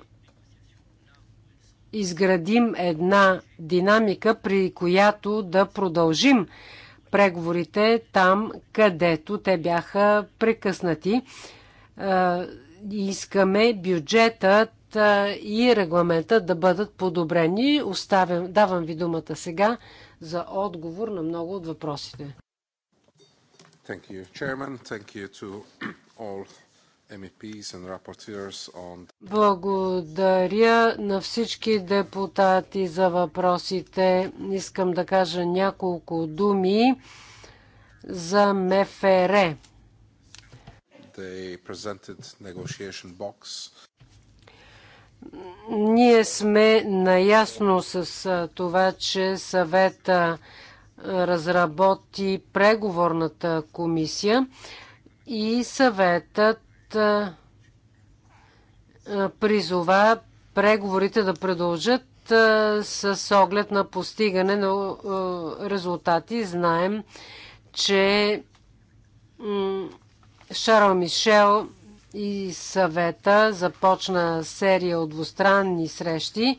Speaker 1: изградим една динамика, при която да продължим преговорите там, където те бяха прекъснати. Е, искаме бюджетът е, и регламента да бъдат подобрени. Оставям, давам ви думата сега за отговор на много от въпросите.
Speaker 3: Thank you, Chairman. Thank you to all
Speaker 1: благодаря на всички депутати за въпросите. Искам да кажа няколко думи за МФР. Ние сме наясно с това, че съвета разработи преговорната комисия и съветът призова преговорите да продължат с оглед на постигане на резултати. Знаем, че Шарл Мишел и съвета започна серия от двустранни срещи.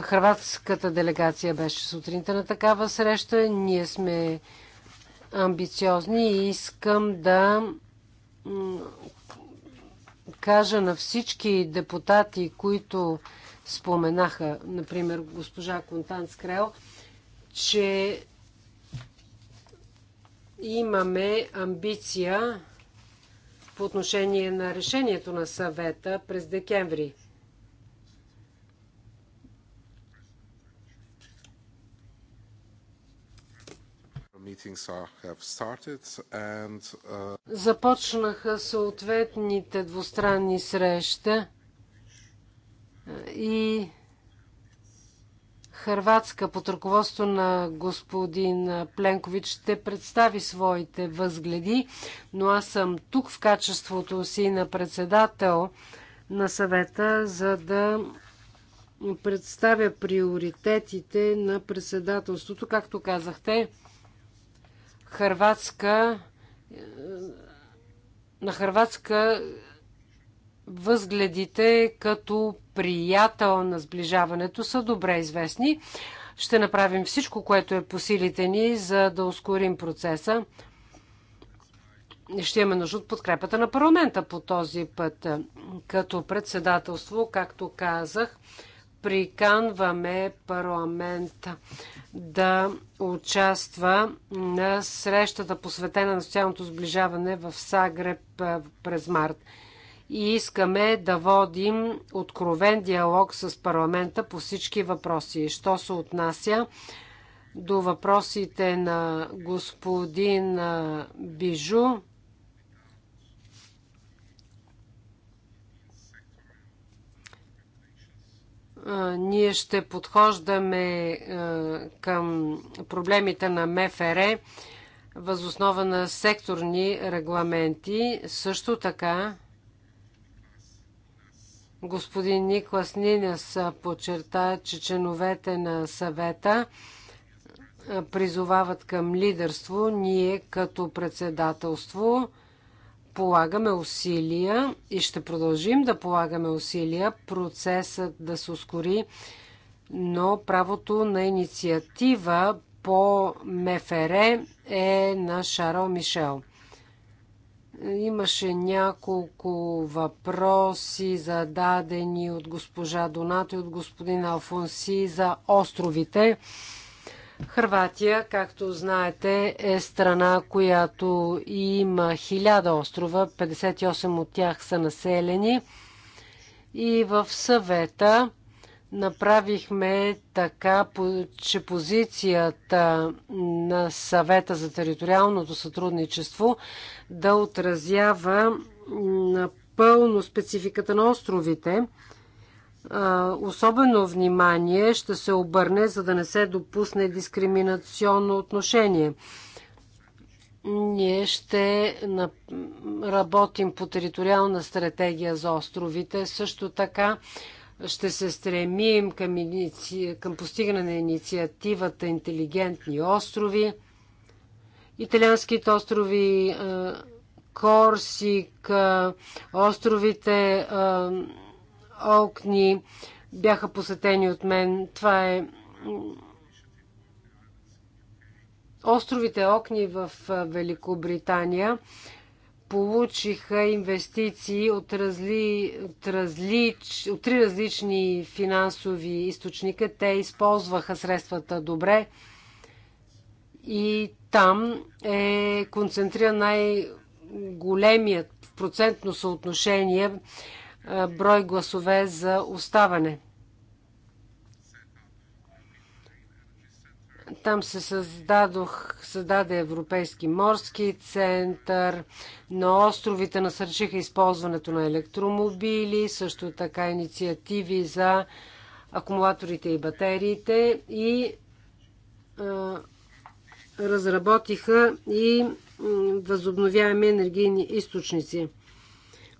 Speaker 1: Хрватската делегация беше сутринта на такава среща. Ние сме амбициозни и искам да кажа на всички депутати, които споменаха, например, госпожа Контан Скрел, че имаме амбиция по отношение на решението на съвета през декември
Speaker 2: Uh,
Speaker 1: Започнаха съответните двустранни среща и Хрватска под ръководство на господин Пленкович ще представи своите възгледи, но аз съм тук в качеството си на председател на съвета, за да представя приоритетите на председателството. Както казахте, Хрватска е, на Хрватска възгледите като приятел на сближаването са добре известни. Ще направим всичко, което е по силите ни, за да ускорим процеса. Ще имаме нужда от подкрепата на парламента по този път. Като председателство, както казах, приканваме парламента да участва на срещата посветена на социалното сближаване в Сагреб през март. И искаме да водим откровен диалог с парламента по всички въпроси. Що се отнася до въпросите на господин Бижу, ние ще подхождаме към проблемите на МФР възоснова на секторни регламенти. Също така господин Никлас Нинес подчерта, че чиновете на съвета призовават към лидерство. Ние като председателство полагаме усилия и ще продължим да полагаме усилия процесът да се ускори, но правото на инициатива по МФР е на Шарл Мишел. Имаше няколко въпроси зададени от госпожа Донато и от господин Алфонси за островите. Хрватия, както знаете, е страна, която има хиляда острова, 58 от тях са населени. И в съвета направихме така, че позицията на съвета за териториалното сътрудничество да отразява напълно спецификата на островите особено внимание ще се обърне, за да не се допусне дискриминационно отношение. Ние ще работим по териториална стратегия за островите. Също така ще се стремим към, иници... към постигане на инициативата Интелигентни острови. Италианските острови Корсик, островите Окни бяха посетени от мен. Това е островите Окни в Великобритания получиха инвестиции от, разли, от, различ, от три различни финансови източника. Те използваха средствата добре и там е концентриран най-големият процентно съотношение брой гласове за оставане. Там се създадох, създаде Европейски морски център. На островите насърчиха използването на електромобили, също така инициативи за акумулаторите и батериите и а, разработиха и възобновяеми енергийни източници.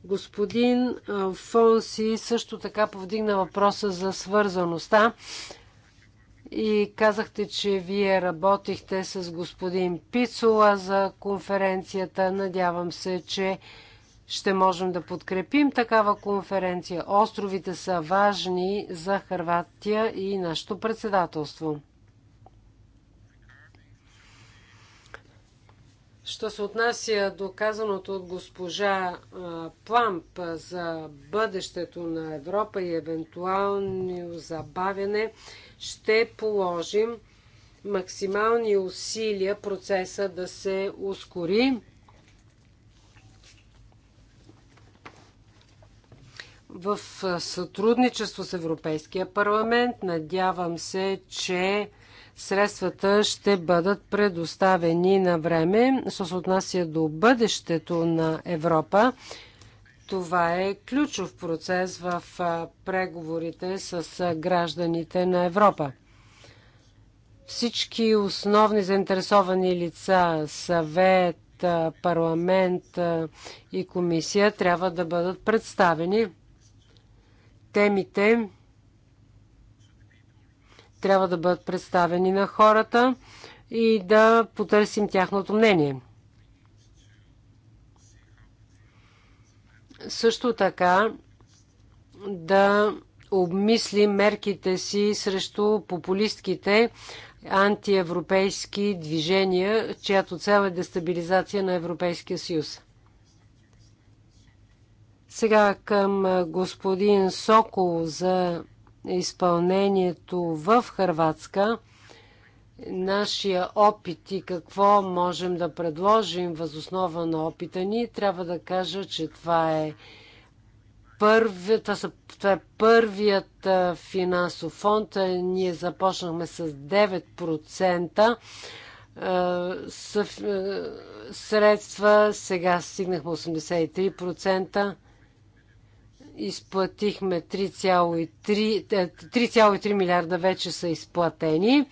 Speaker 1: Господин Фонси също така повдигна въпроса за свързаността и казахте, че вие работихте с господин Пицола за конференцията. Надявам се, че ще можем да подкрепим такава конференция. Островите са важни за Харватия и нашето председателство. Що се отнася до казаното от госпожа Пламп за бъдещето на Европа и евентуално забавяне, ще положим максимални усилия процеса да се ускори. В сътрудничество с Европейския парламент надявам се, че Средствата ще бъдат предоставени на време. С отнася до бъдещето на Европа, това е ключов процес в преговорите с гражданите на Европа. Всички основни заинтересовани лица, съвет, парламент и комисия трябва да бъдат представени. Темите, трябва да бъдат представени на хората и да потърсим тяхното мнение. Също така да обмислим мерките си срещу популистките антиевропейски движения, чиято цел е дестабилизация на Европейския съюз. Сега към господин Сокол за изпълнението в Харватска, нашия опит и какво можем да предложим възоснова на опита ни, трябва да кажа, че това е първи, това, са, това е първият финансов фонд. Е, ние започнахме с 9% средства, сега стигнахме 83% изплатихме 3,3 е, милиарда вече са изплатени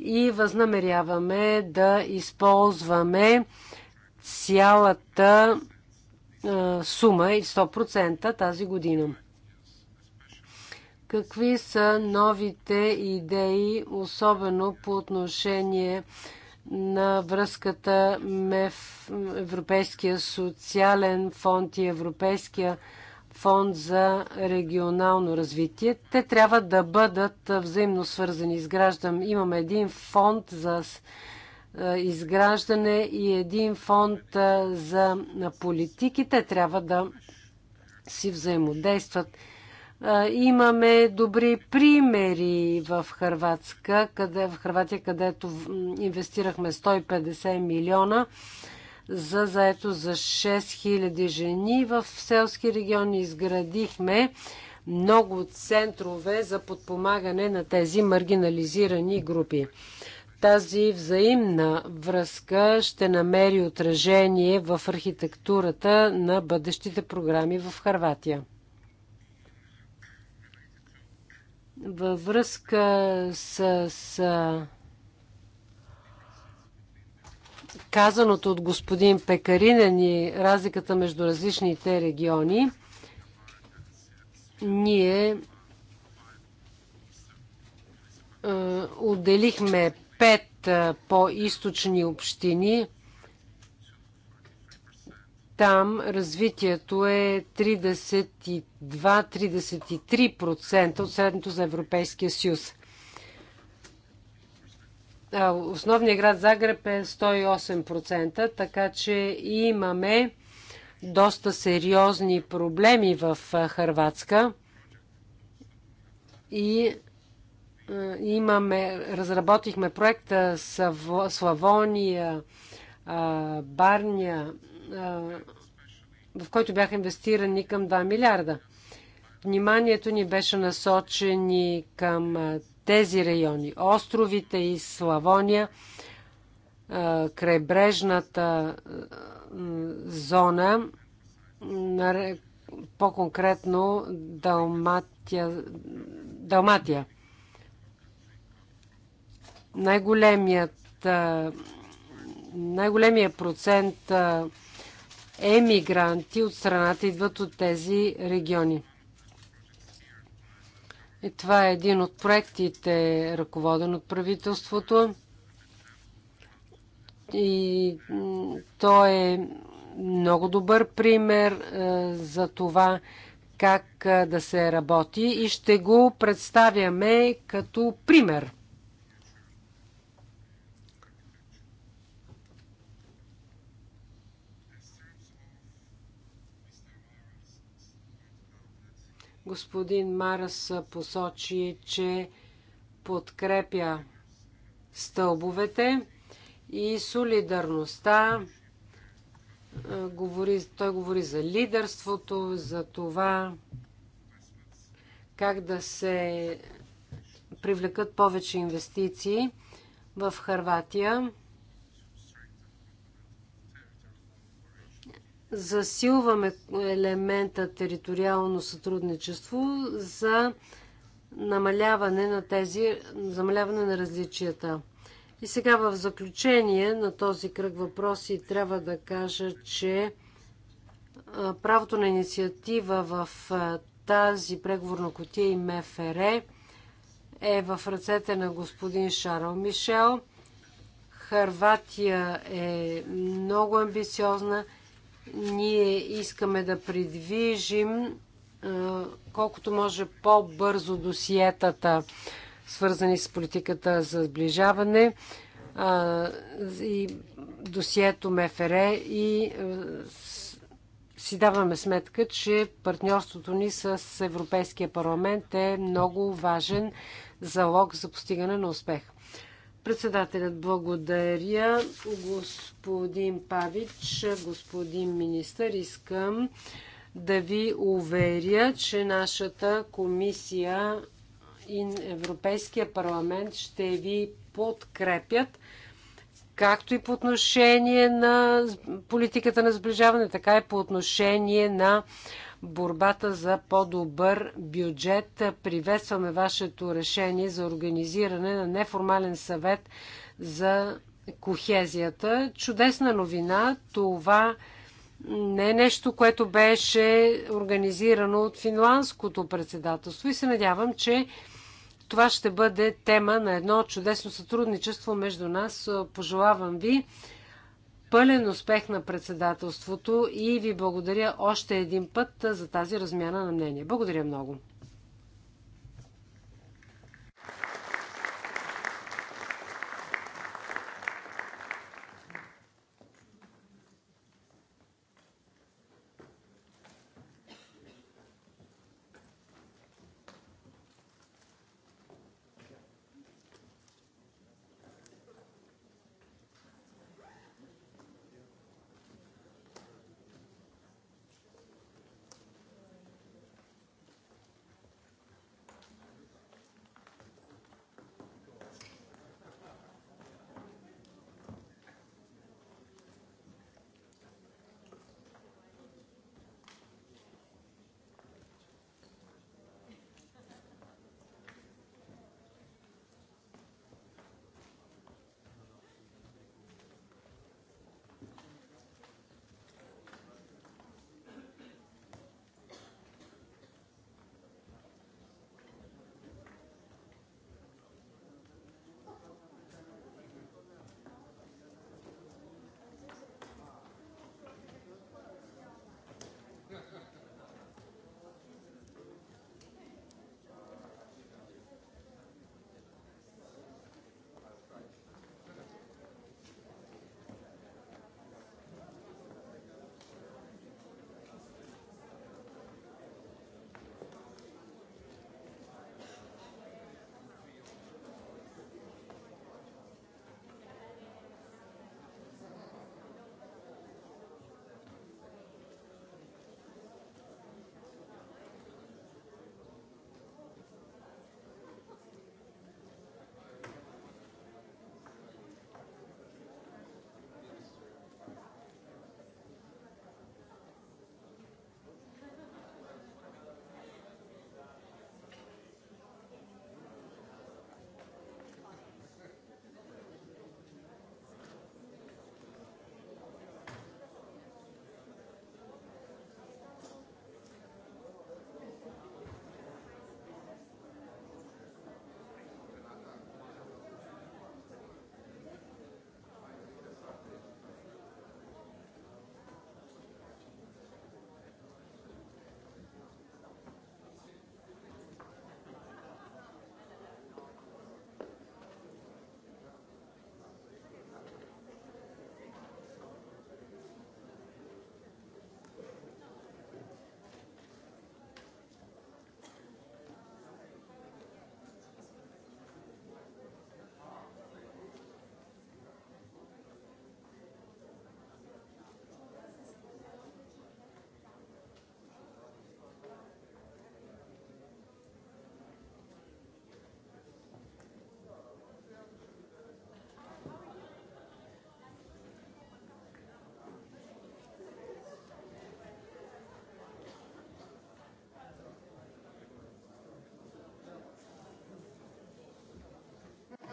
Speaker 1: и възнамеряваме да използваме цялата е, сума и 100% тази година. Какви са новите идеи, особено по отношение на връзката МЕФ, Европейския социален фонд и Европейския фонд? фонд за регионално развитие. Те трябва да бъдат взаимно свързани. Изграждам. Имаме един фонд за изграждане и един фонд за политики. Те трябва да си взаимодействат. Имаме добри примери в Хрватска, къде, в Хрватия, където инвестирахме 150 милиона за заето за 6000 жени в селски региони. Изградихме много центрове за подпомагане на тези маргинализирани групи. Тази взаимна връзка ще намери отражение в архитектурата на бъдещите програми в Харватия. Във връзка с, с казаното от господин Пекаринен и разликата между различните региони, ние отделихме пет по-источни общини. Там развитието е 32-33% от средното за Европейския съюз основният град Загреб е 108%, така че имаме доста сериозни проблеми в Харватска и имаме, разработихме проекта Славония, Барния, в който бяха инвестирани към 2 милиарда. Вниманието ни беше насочени към тези райони. Островите и Славония, крайбрежната зона, по-конкретно Далматия. Далматия. Най-големият най-големия процент емигранти от страната идват от тези региони. И това е един от проектите, ръководен от правителството. И той е много добър пример е, за това как е, да се работи и ще го представяме като пример. Господин Марас посочи, че подкрепя стълбовете и солидарността. Е, говори, той говори за лидерството, за това как да се привлекат повече инвестиции в Харватия. засилваме елемента териториално сътрудничество за намаляване на тези, замаляване на различията. И сега в заключение на този кръг въпроси трябва да кажа, че правото на инициатива в тази преговорна котия и МФР е в ръцете на господин Шарл Мишел. Харватия е много амбициозна – ние искаме да придвижим колкото може по-бързо досиетата, свързани с политиката за сближаване и досието МФР е и си даваме сметка, че партньорството ни с Европейския парламент е много важен залог за постигане на успех. Председателят благодаря. Господин Павич, господин министър, искам да ви уверя, че нашата комисия и Европейския парламент ще ви подкрепят както и по отношение на политиката на сближаване, така и по отношение на борбата за по-добър бюджет. Приветстваме вашето решение за организиране на неформален съвет за кохезията. Чудесна новина. Това не е нещо, което беше организирано от финландското председателство и се надявам, че това ще бъде тема на едно чудесно сътрудничество между нас. Пожелавам ви пълен успех на председателството и ви благодаря още един път за тази размяна на мнение. Благодаря много.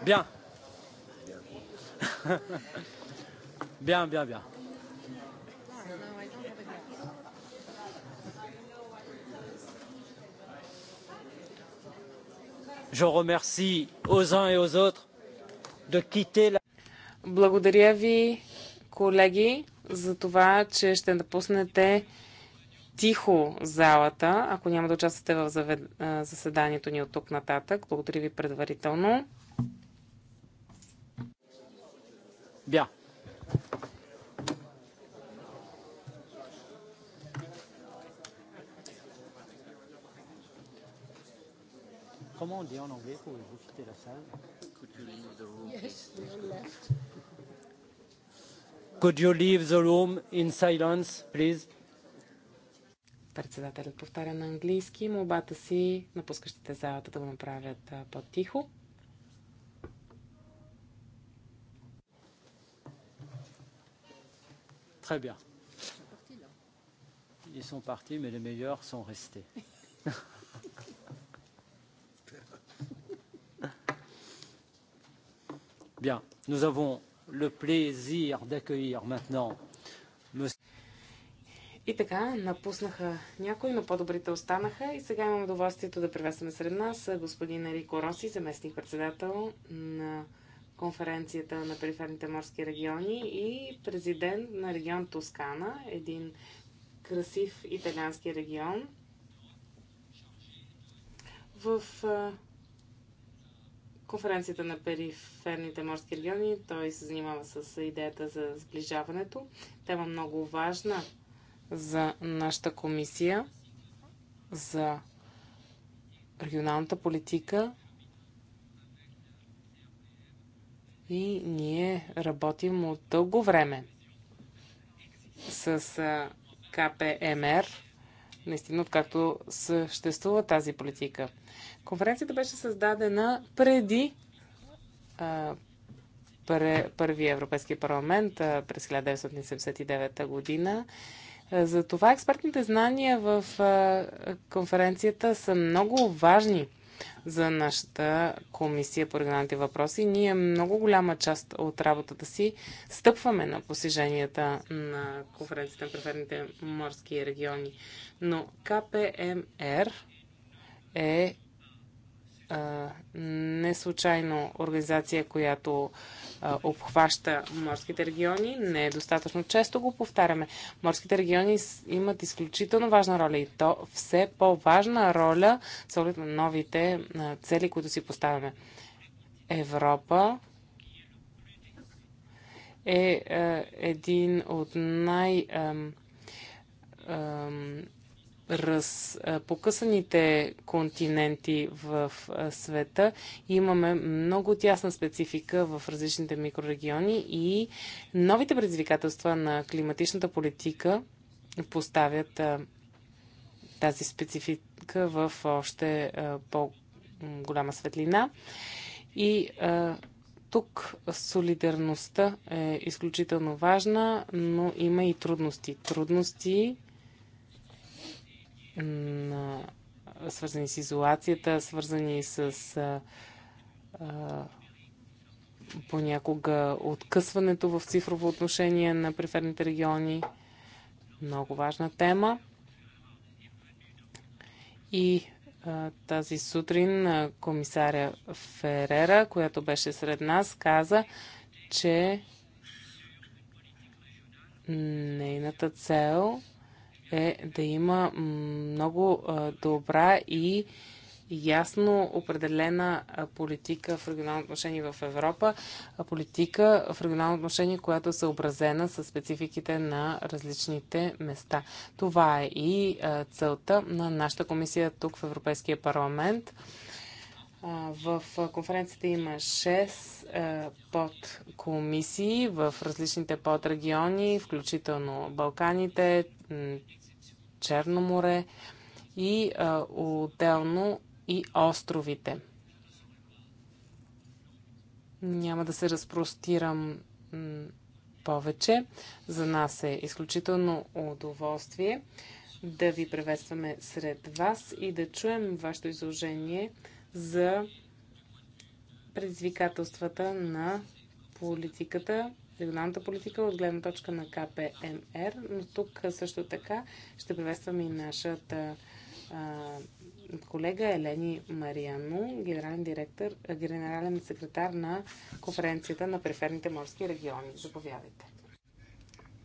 Speaker 2: Bien. [LAUGHS] bien, bien, bien. Je remercie aux uns et aux autres de quitter la...
Speaker 3: Благодаря ви, колеги, за това, че ще напуснете тихо залата, ако няма да участвате в заседанието ни от тук нататък. Благодаря ви предварително. Bien.
Speaker 2: Comment on dit en anglais pour vous quitter la salle Could you leave the room? Yes, we all left. Could you leave the room in silence, please?
Speaker 3: Председателят повтаря на английски молбата си напускащите залата да го направят по-тихо.
Speaker 2: Très bien. Ils sont partis, mais les meilleurs sont restés. [LAUGHS] Bien, nous avons le
Speaker 3: plaisir d'accueillir maintenant и така, напуснаха някои, но по-добрите останаха. И сега имам удоволствието да приветстваме сред нас господин Рико Роси, заместник-председател на конференцията на периферните морски региони и президент на регион Тоскана, един красив италиански регион, в конференцията на периферните морски региони той се занимава с идеята за сближаването. Тема много важна за нашата комисия, за регионалната политика И ние работим от дълго време с КПМР, наистина откакто съществува тази политика. Конференцията беше създадена преди а, първия Европейски парламент а, през 1979 година. Затова експертните знания в конференцията са много важни за нашата комисия по регионалните въпроси. Ние много голяма част от работата си стъпваме на постиженията на конференцията на преферните морски региони. Но КПМР е не случайно организация, която обхваща морските региони. Не е достатъчно често го повтаряме. Морските региони имат изключително важна роля и то все по-важна роля с оглед на новите цели, които си поставяме. Европа е един от най- раз, покъсаните континенти в света имаме много тясна специфика в различните микрорегиони и новите предизвикателства на климатичната политика поставят тази специфика в още по-голяма светлина. И тук солидарността е изключително важна, но има и трудности. Трудности свързани с изолацията, свързани с а, а, понякога откъсването в цифрово отношение на преферните региони. Много важна тема. И а, тази сутрин а, комисаря Ферера, която беше сред нас, каза, че нейната цел е да има много добра и ясно определена политика в регионално отношение в Европа, политика в регионално отношение, която е съобразена с спецификите на различните места. Това е и целта на нашата комисия тук в Европейския парламент. В конференцията има 6 подкомисии в различните подрегиони, включително Балканите, Черно море и а, отделно и островите. Няма да се разпростирам повече. За нас е изключително удоволствие да ви приветстваме сред вас и да чуем вашето изложение за предизвикателствата на политиката регионалната политика от гледна точка на КПМР, но тук също така ще приветствам и нашата а, колега Елени Мариано, генерален, директор, генерален секретар на конференцията на периферните морски региони. Заповядайте.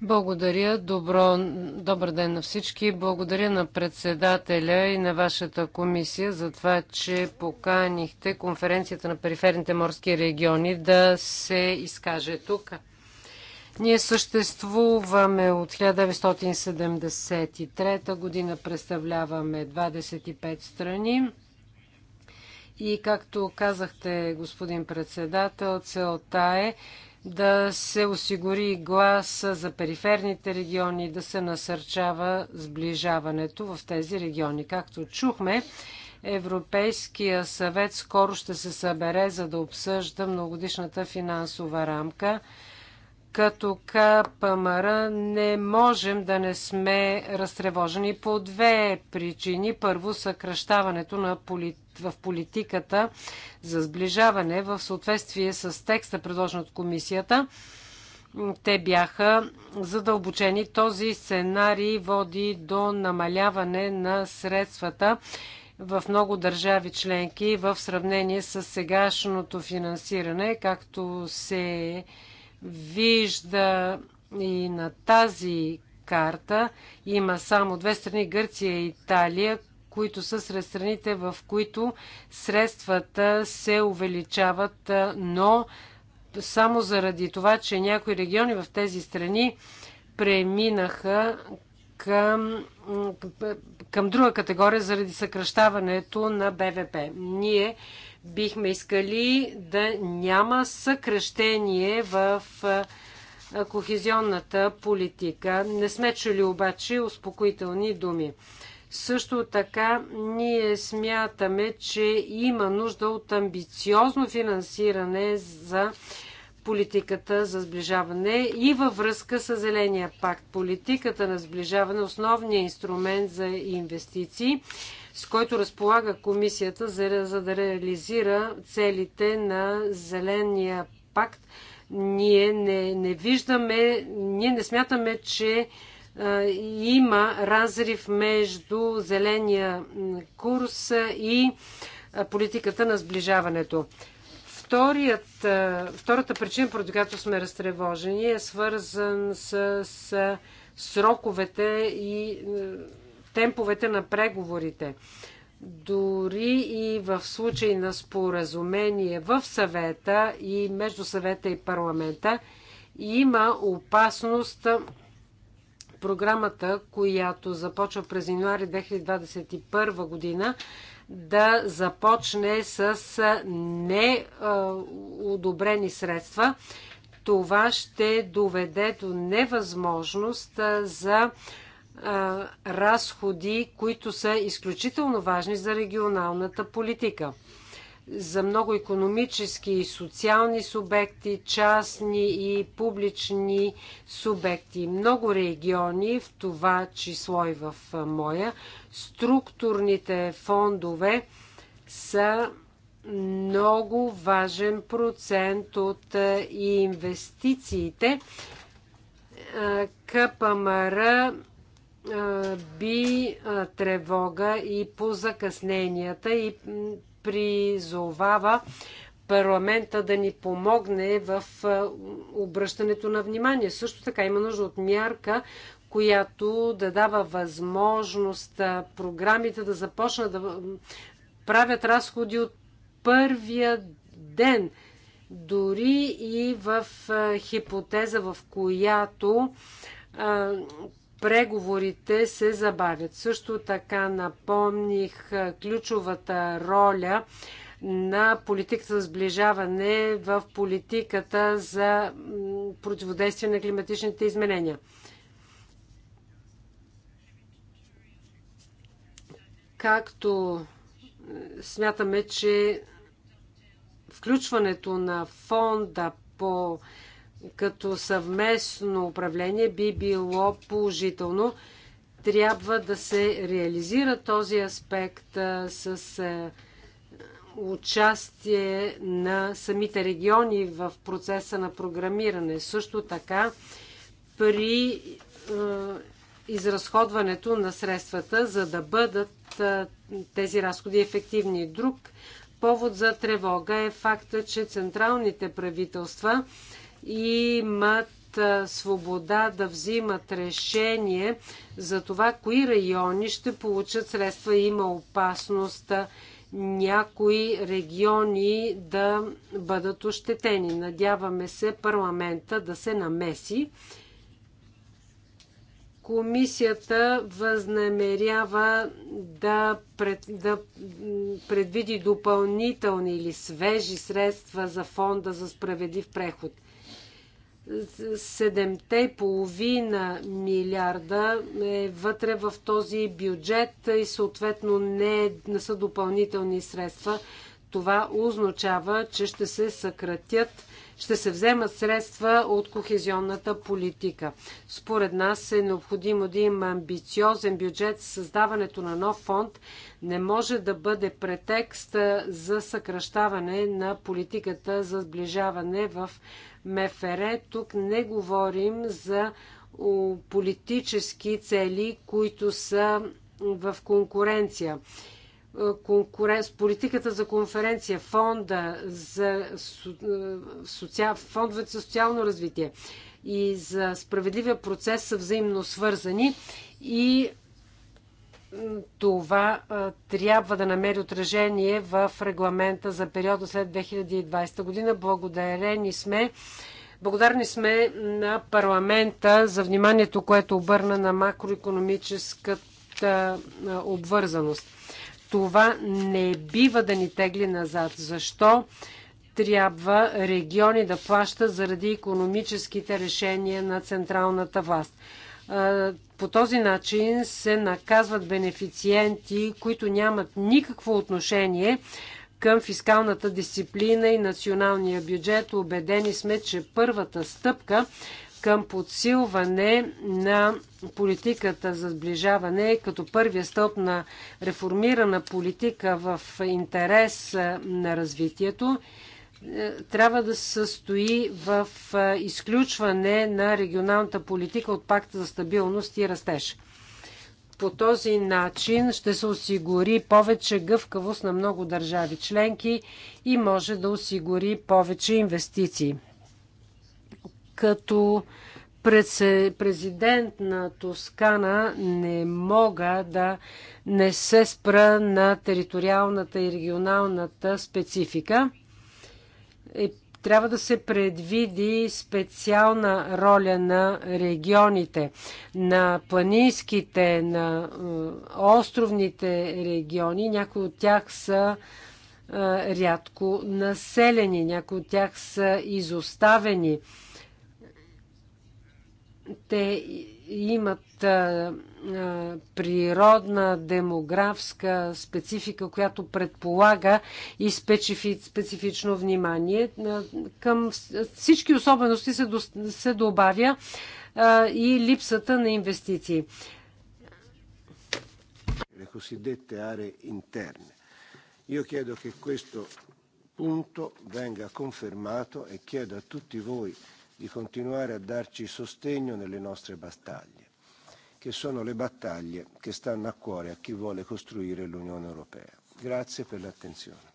Speaker 1: Благодаря. Добро, добър ден на всички. Благодаря на председателя и на вашата комисия за това, че поканихте конференцията на периферните морски региони да се изкаже тук. Ние съществуваме от 1973 година, представляваме 25 страни. И както казахте, господин председател, целта е да се осигури глас за периферните региони, да се насърчава сближаването в тези региони. Както чухме, Европейския съвет скоро ще се събере, за да обсъжда многодишната финансова рамка – като КПМР не можем да не сме разтревожени по две причини. Първо, съкръщаването на полит... в политиката за сближаване в съответствие с текста, предложен от комисията. Те бяха задълбочени. Този сценарий води до намаляване на средствата в много държави членки в сравнение с сегашното финансиране, както се е вижда и на тази карта има само две страни Гърция и Италия, които са сред страните, в които средствата се увеличават, но само заради това, че някои региони в тези страни преминаха към, към друга категория заради съкръщаването на БВП. Ние Бихме искали да няма съкръщение в кохезионната политика. Не сме чули обаче успокоителни думи. Също така ние смятаме, че има нужда от амбициозно финансиране за политиката за сближаване и във връзка с Зеления пакт. Политиката на сближаване е основният инструмент за инвестиции с който разполага комисията, за, за да реализира целите на Зеления пакт. Ние не, не виждаме, ние не смятаме, че а, има разрив между зеления курс и а, политиката на сближаването. Вторият, втората причина, поради която сме разтревожени, е свързан с, с сроковете и темповете на преговорите. Дори и в случай на споразумение в съвета и между съвета и парламента има опасност програмата, която започва през януари 2021 година, да започне с неодобрени средства. Това ще доведе до невъзможност за разходи, които са изключително важни за регионалната политика. За много економически и социални субекти, частни и публични субекти. Много региони, в това число и в моя, структурните фондове са много важен процент от инвестициите. КПМР би тревога и по закъсненията и призовава парламента да ни помогне в обръщането на внимание. Също така има нужда от мярка, която да дава възможност програмите да започнат да правят разходи от първия ден, дори и в хипотеза, в която преговорите се забавят. Също така напомних ключовата роля на политиката за сближаване в политиката за противодействие на климатичните изменения. Както смятаме, че включването на фонда по като съвместно управление би било положително. Трябва да се реализира този аспект с участие на самите региони в процеса на програмиране. Също така при изразходването на средствата, за да бъдат тези разходи ефективни. Друг повод за тревога е факта, че централните правителства имат свобода да взимат решение за това, кои райони ще получат средства. Има опасност някои региони да бъдат ощетени. Надяваме се парламента да се намеси. Комисията възнамерява да, пред, да предвиди допълнителни или свежи средства за фонда за справедлив преход – 7,5 милиарда е вътре в този бюджет и съответно не, не са допълнителни средства. Това означава, че ще се съкратят, ще се вземат средства от кохезионната политика. Според нас е необходимо да има амбициозен бюджет. Създаването на нов фонд не може да бъде претекст за съкръщаване на политиката за сближаване в МФР. Тук не говорим за политически цели, които са в конкуренция. Е, конкурен... Политиката за конференция, фонда за е, соци... фондовете за социално развитие и за справедливия процес са взаимно свързани и това а, трябва да намери отражение в регламента за периода след 2020 година. Благодарени сме. Благодарни сме на парламента за вниманието, което обърна на макроекономическата обвързаност. Това не бива да ни тегли назад. Защо трябва региони да плащат заради економическите решения на централната власт? По този начин се наказват бенефициенти, които нямат никакво отношение към фискалната дисциплина и националния бюджет. Обедени сме, че първата стъпка към подсилване на политиката за сближаване е като първия стълб на реформирана политика в интерес на развитието е, трябва да се състои в е, изключване на регионалната политика от пакта за стабилност и растеж. По този начин ще се осигури повече гъвкавост на много държави членки и може да осигури повече инвестиции. Като президент на Тоскана не мога да не се спра на териториалната и регионалната специфика – е, трябва да се предвиди специална роля на регионите, на планинските, на е, островните региони. Някои от тях са е, рядко населени, някои от тях са изоставени. Те имат а, а, природна демографска специфика, която предполага и специфи, специфично внимание. А, Към всички особености се, до, се добавя а, и липсата на инвестиции.
Speaker 2: Le cosiddette aree interne. Io chiedo che questo punto venga confermato e chiedo a tutti voi di continuare a darci sostegno nelle nostre battaglie, che sono le battaglie che stanno a cuore a chi vuole costruire l'Unione Europea. Grazie per l'attenzione.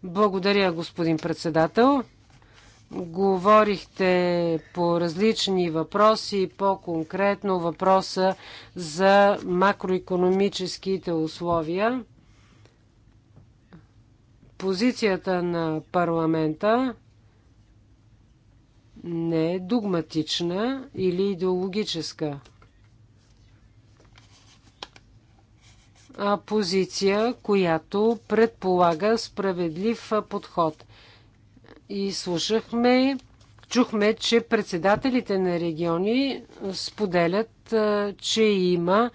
Speaker 1: Благодаря, господин председател. Говорихте по различни въпроси, по-конкретно въпроса за макроекономическите условия. Позицията на парламента не е догматична или идеологическа. а позиция, която предполага справедлив подход и слушахме, чухме, че председателите на региони споделят, че има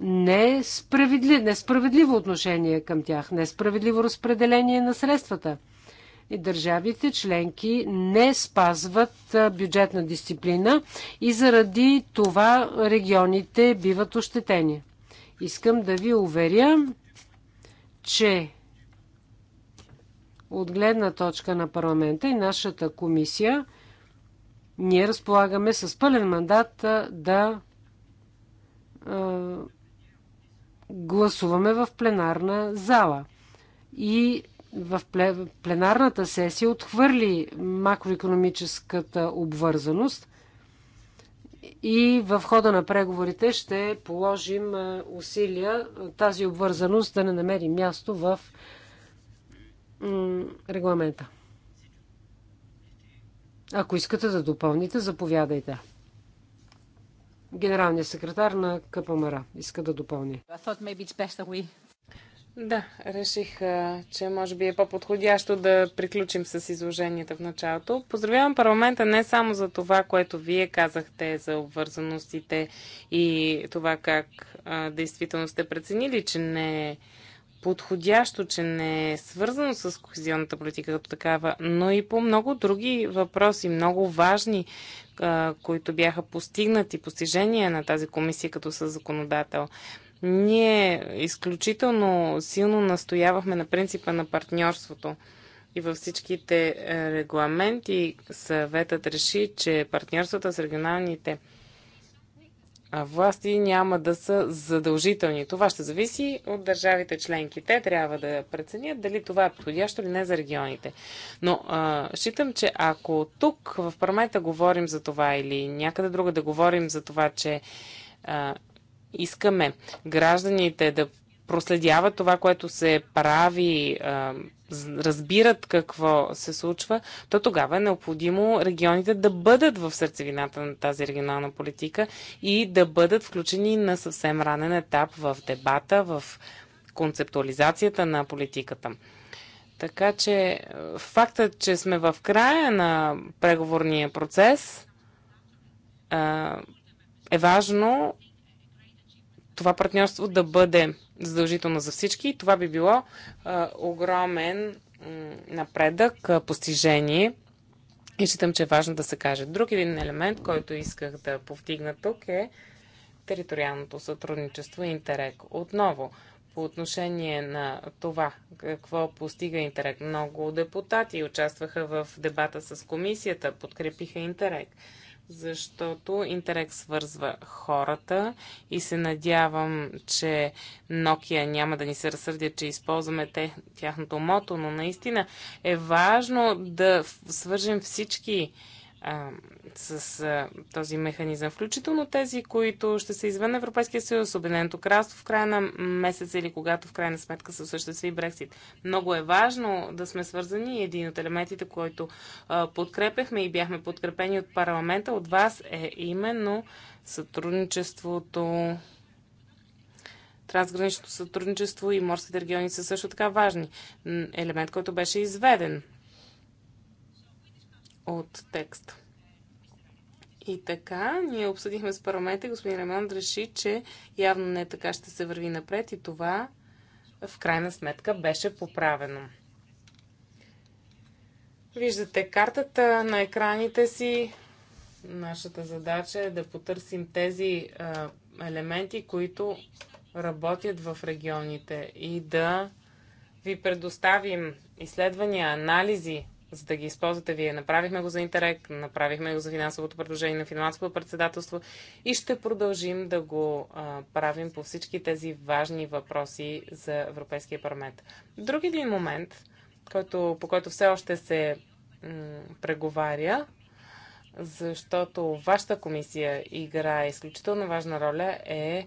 Speaker 1: несправедливо, несправедливо отношение към тях, несправедливо разпределение на средствата. И държавите членки не спазват бюджетна дисциплина и заради това регионите биват ощетени. Искам да ви уверя, че от гледна точка на парламента и нашата комисия, ние разполагаме с пълен мандат да а, гласуваме в пленарна зала. И в пленарната сесия отхвърли макроекономическата обвързаност и в хода на преговорите ще положим усилия тази обвързаност да не намери място в регламента. Ако искате да допълните, заповядайте. Генералният
Speaker 3: секретар на КПМР иска да допълни. Да, реших, че може би е по-подходящо да приключим с изложенията в началото. Поздравявам парламента не само за това, което вие казахте за обвързаностите и това как а, действително сте преценили, че не е подходящо, че не е свързано с кохезионната политика като такава, но и по много други въпроси, много важни, които бяха постигнати, постижения на тази комисия като със законодател. Ние изключително силно настоявахме на принципа на партньорството и във всичките е, регламенти съветът реши, че партньорствата с регионалните власти няма да са задължителни. Това ще зависи от държавите членки. Те трябва да преценят дали това е подходящо или не за регионите. Но а, считам, че ако тук в парламента говорим за това или някъде друга да говорим за това, че а, искаме гражданите да проследяват това, което се прави, разбират какво се случва, то тогава е необходимо регионите да бъдат в сърцевината на тази регионална политика и да бъдат включени на съвсем ранен етап в дебата, в концептуализацията на политиката. Така че фактът, че сме в края на преговорния процес е важно това партньорство да бъде задължително за всички. Това би било а, огромен напредък, а, постижение. И считам, че е важно да се каже. Друг един елемент, който исках да повдигна тук е териториалното сътрудничество и интерек. Отново, по отношение на това, какво постига интерек. Много депутати участваха в дебата с комисията, подкрепиха интерек защото Интерек свързва хората и се надявам, че Nokia няма да ни се разсърдят, че използваме те, тяхното мото, но наистина е важно да свържем всички с а, този механизъм, включително тези, които ще са извън Европейския съюз, Обединеното кралство в края на месеца или когато в крайна сметка се осъществи Брексит. Много е важно да сме свързани един от елементите, който а, подкрепяхме и бяхме подкрепени от парламента, от вас е именно сътрудничеството трансграничното сътрудничество и морските региони са също така важни. Елемент, който беше изведен от текста. И така, ние обсъдихме с парламента и господин Ремонт реши, че явно не така ще се върви напред и това в крайна сметка беше поправено. Виждате картата на екраните си. Нашата задача е да потърсим тези а, елементи, които работят в регионите и да ви предоставим изследвания, анализи, за да ги използвате вие. Направихме го за Интерек, направихме го за финансовото предложение на финансовото председателство и ще продължим да го а, правим по всички тези важни въпроси за Европейския парламент. Други един момент, който, по който все още се преговаря, защото вашата комисия играе изключително важна роля, е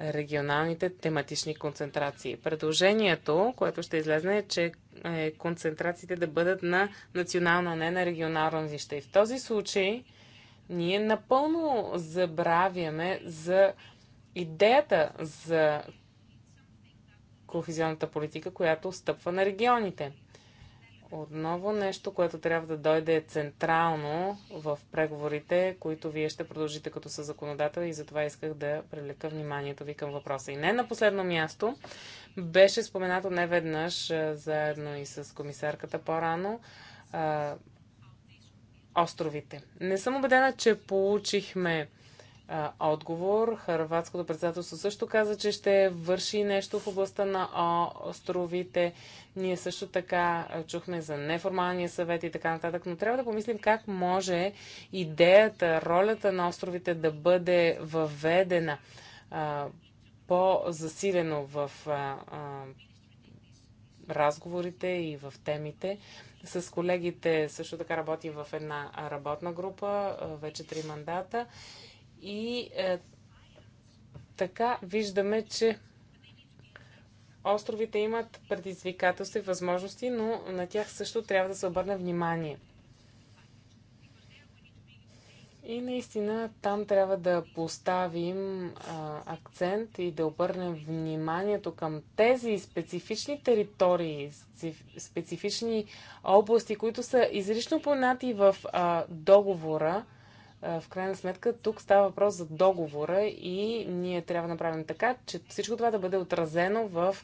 Speaker 3: регионалните тематични концентрации. Предложението, което ще излезне е, че е, концентрациите да бъдат на национално, а не на регионално нище. И в този случай ние напълно забравяме за идеята за кохезионната политика, която стъпва на регионите. Отново нещо, което трябва да дойде централно в преговорите, които вие ще продължите като са законодател и затова исках да привлека вниманието ви към въпроса. И не на последно място, беше споменато не веднъж, заедно и с комисарката по-рано, островите. Не съм убедена, че получихме отговор. Харватското председателство също каза, че ще върши нещо в областта на островите. Ние също така чухме за неформалния съвет и така нататък, но трябва да помислим как може идеята, ролята на островите да бъде въведена по-засилено в разговорите и в темите. С колегите също така работим в една работна група, вече три мандата и е, така виждаме, че островите имат предизвикателства и възможности, но на тях също трябва да се обърне внимание. И наистина там трябва да поставим а, акцент и да обърнем вниманието към тези специфични територии, специфични области, които са изрично понати в а, договора в крайна сметка тук става въпрос за договора и ние трябва да направим така, че всичко това да бъде отразено в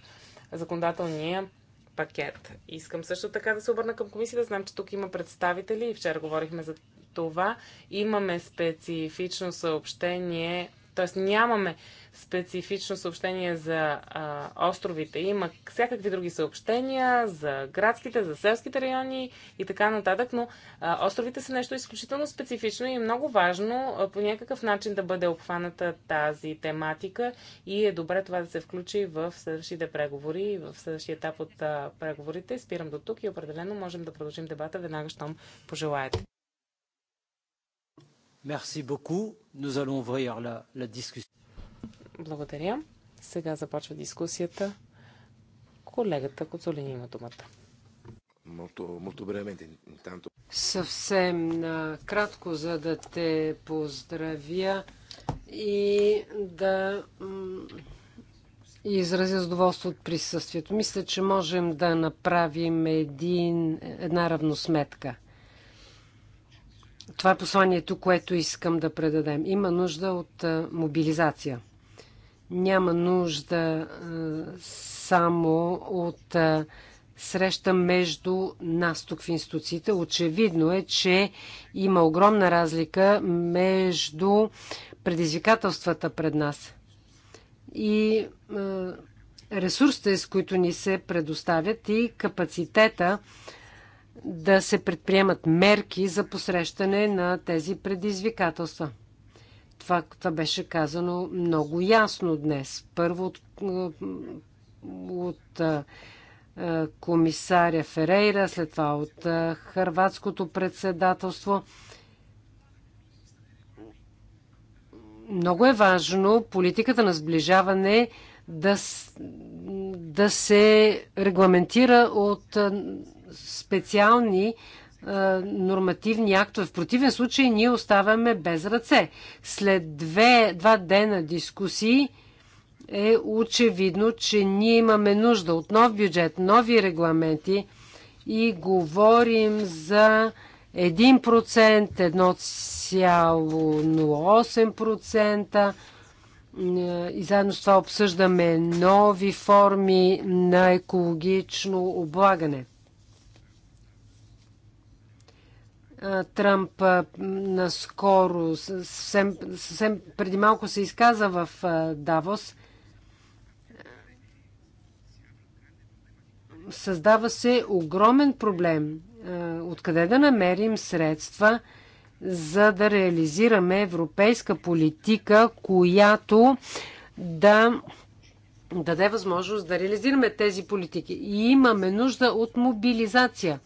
Speaker 3: законодателния пакет. Искам също така да се обърна към комисията. Знам, че тук има представители и вчера говорихме за това. Имаме специфично съобщение т.е. нямаме специфично съобщение за а, островите. Има всякакви други съобщения за градските, за селските райони и така нататък, но а, островите са нещо изключително специфично и е много важно а, по някакъв начин да бъде обхваната тази тематика и е добре това да се включи в следващите преговори и в следващия етап от а, преговорите. Спирам до тук и определено можем да продължим дебата веднага, щом пожелаете. Благодаря. Сега започва дискусията. Колегата Коцолини има думата. Съвсем
Speaker 1: кратко, за да те поздравя и да и изразя задоволство от присъствието. Мисля, че можем да направим един, една равносметка това е посланието, което искам да предадем. Има нужда от мобилизация. Няма нужда само от среща между нас тук в институциите. Очевидно е, че има огромна разлика между предизвикателствата пред нас и ресурсите, с които ни се предоставят и капацитета да се предприемат мерки за посрещане на тези предизвикателства. Това, това беше казано много ясно днес. Първо от, от комисаря Ферейра, след това от хърватското председателство. Много е важно политиката на сближаване да, да се регламентира от специални нормативни актове. В противен случай ние оставяме без ръце. След две, два дена дискусии е очевидно, че ние имаме нужда от нов бюджет, нови регламенти и говорим за 1%, 1,08% и заедно с това обсъждаме нови форми на екологично облагане – Тръмп наскоро, съвсем, съвсем преди малко се изказа в Давос, създава се огромен проблем. Откъде да намерим средства, за да реализираме европейска политика, която да даде възможност да реализираме тези политики. И имаме нужда от мобилизация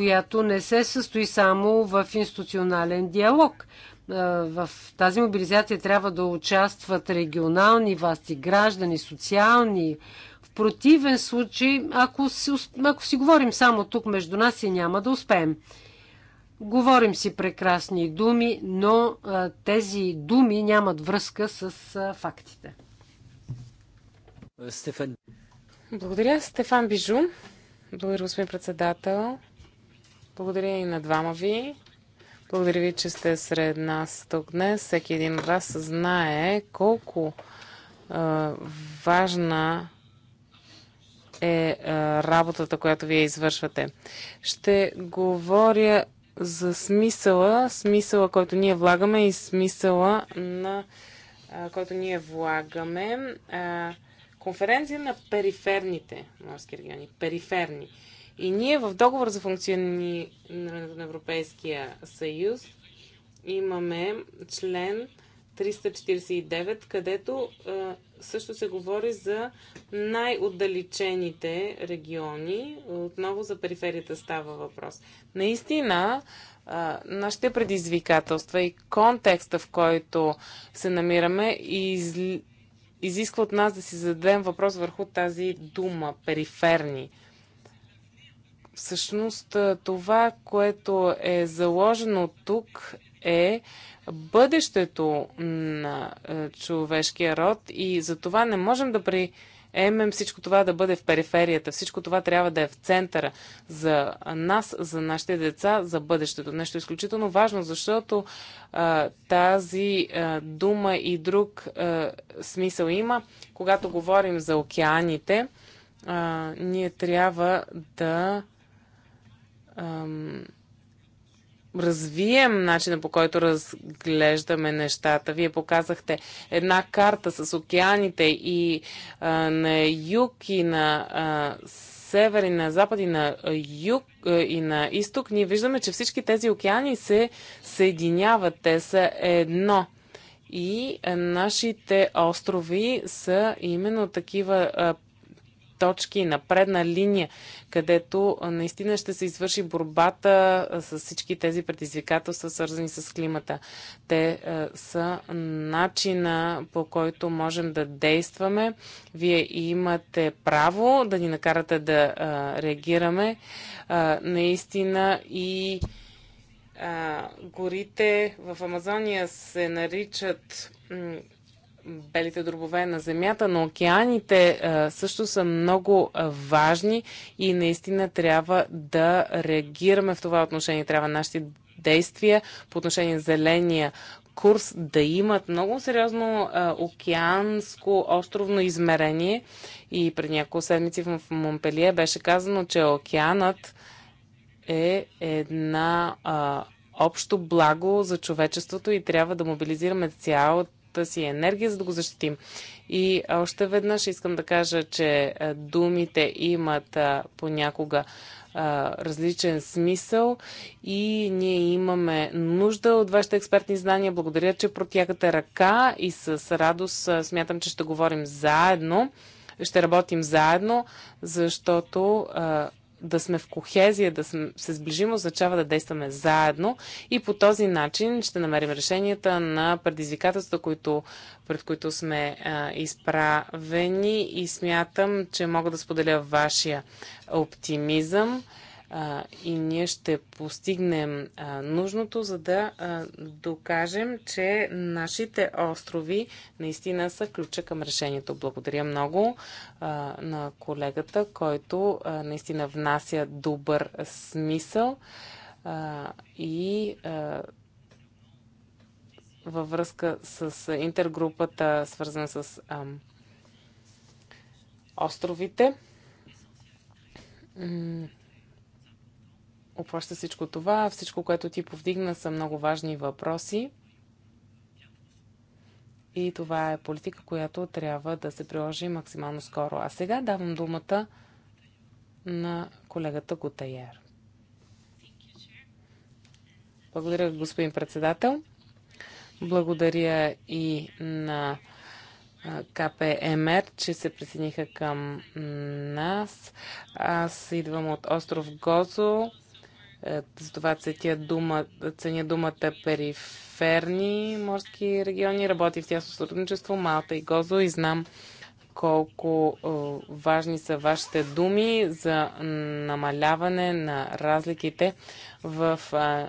Speaker 1: която не се състои само в институционален диалог. В тази мобилизация трябва да участват регионални власти, граждани, социални. В противен случай, ако си, ако си говорим само тук между нас, и няма да успеем. Говорим си прекрасни думи, но тези думи нямат връзка с фактите.
Speaker 2: Стефан.
Speaker 3: Благодаря, Стефан Бижу. Благодаря, господин председател. Благодаря и на двама ви. Благодаря ви, че сте сред нас тук днес. Всеки един от вас знае колко е, важна е, е работата, която вие извършвате. Ще говоря за смисъла, смисъла, който ние влагаме и смисъла на е, който ние влагаме. Е, конференция на периферните морски региони. Периферни. Е, и ние в договор за функциониране на Европейския съюз имаме член 349, където а, също се говори за най-отдалечените региони. Отново за периферията става въпрос. Наистина, а, нашите предизвикателства и контекста, в който се намираме, из... изисква от нас да си зададем въпрос върху тази дума периферни. Всъщност това, което е заложено тук е бъдещето на човешкия род и за това не можем да приемем всичко това да бъде в периферията. Всичко това трябва да е в центъра за нас, за нашите деца, за бъдещето. Нещо изключително важно, защото а, тази а, дума и друг а, смисъл има. Когато говорим за океаните, а, ние трябва да ам, развием начина по който разглеждаме нещата. Вие показахте една карта с океаните и а, на юг и на а, север и на запад и на юг и на изток, ние виждаме, че всички тези океани се съединяват. Те са едно. И нашите острови са именно такива точки, на предна линия, където наистина ще се извърши борбата с всички тези предизвикателства, свързани с климата. Те са начина по който можем да действаме. Вие имате право да ни накарате да реагираме. Наистина и горите в Амазония се наричат белите дробове на Земята, но океаните а, също са много а, важни и наистина трябва да реагираме в това отношение. Трябва нашите действия по отношение на зеления курс да имат много сериозно а, океанско островно измерение. И пред няколко седмици в Монпелие беше казано, че океанът е една а, общо благо за човечеството и трябва да мобилизираме цялата си енергия, за да го защитим. И още веднъж искам да кажа, че думите имат понякога различен смисъл и ние имаме нужда от вашите експертни знания. Благодаря, че протягате ръка и с радост смятам, че ще говорим заедно, ще работим заедно, защото да сме в кохезия, да се сближим, означава да действаме заедно и по този начин ще намерим решенията на предизвикателствата, които, пред които сме а, изправени и смятам, че мога да споделя вашия оптимизъм а, и ние ще постигнем а, нужното, за да а, докажем, че нашите острови наистина са ключа към решението. Благодаря много а, на колегата, който а, наистина внася добър смисъл а, и а, във връзка с интергрупата, свързана с а, островите обхваща всичко това. Всичко, което ти повдигна, са много важни въпроси. И това е политика, която трябва да се приложи максимално скоро. А сега давам думата на колегата Гутайер. Благодаря, господин председател. Благодаря и на КПМР, че се присъединиха към нас. Аз идвам от остров Гозо, е, Затова ценя, дума, ценя думата периферни морски региони. Работи в тясно сътрудничество Малта и Гозо и знам колко е, важни са вашите думи за намаляване на разликите в е,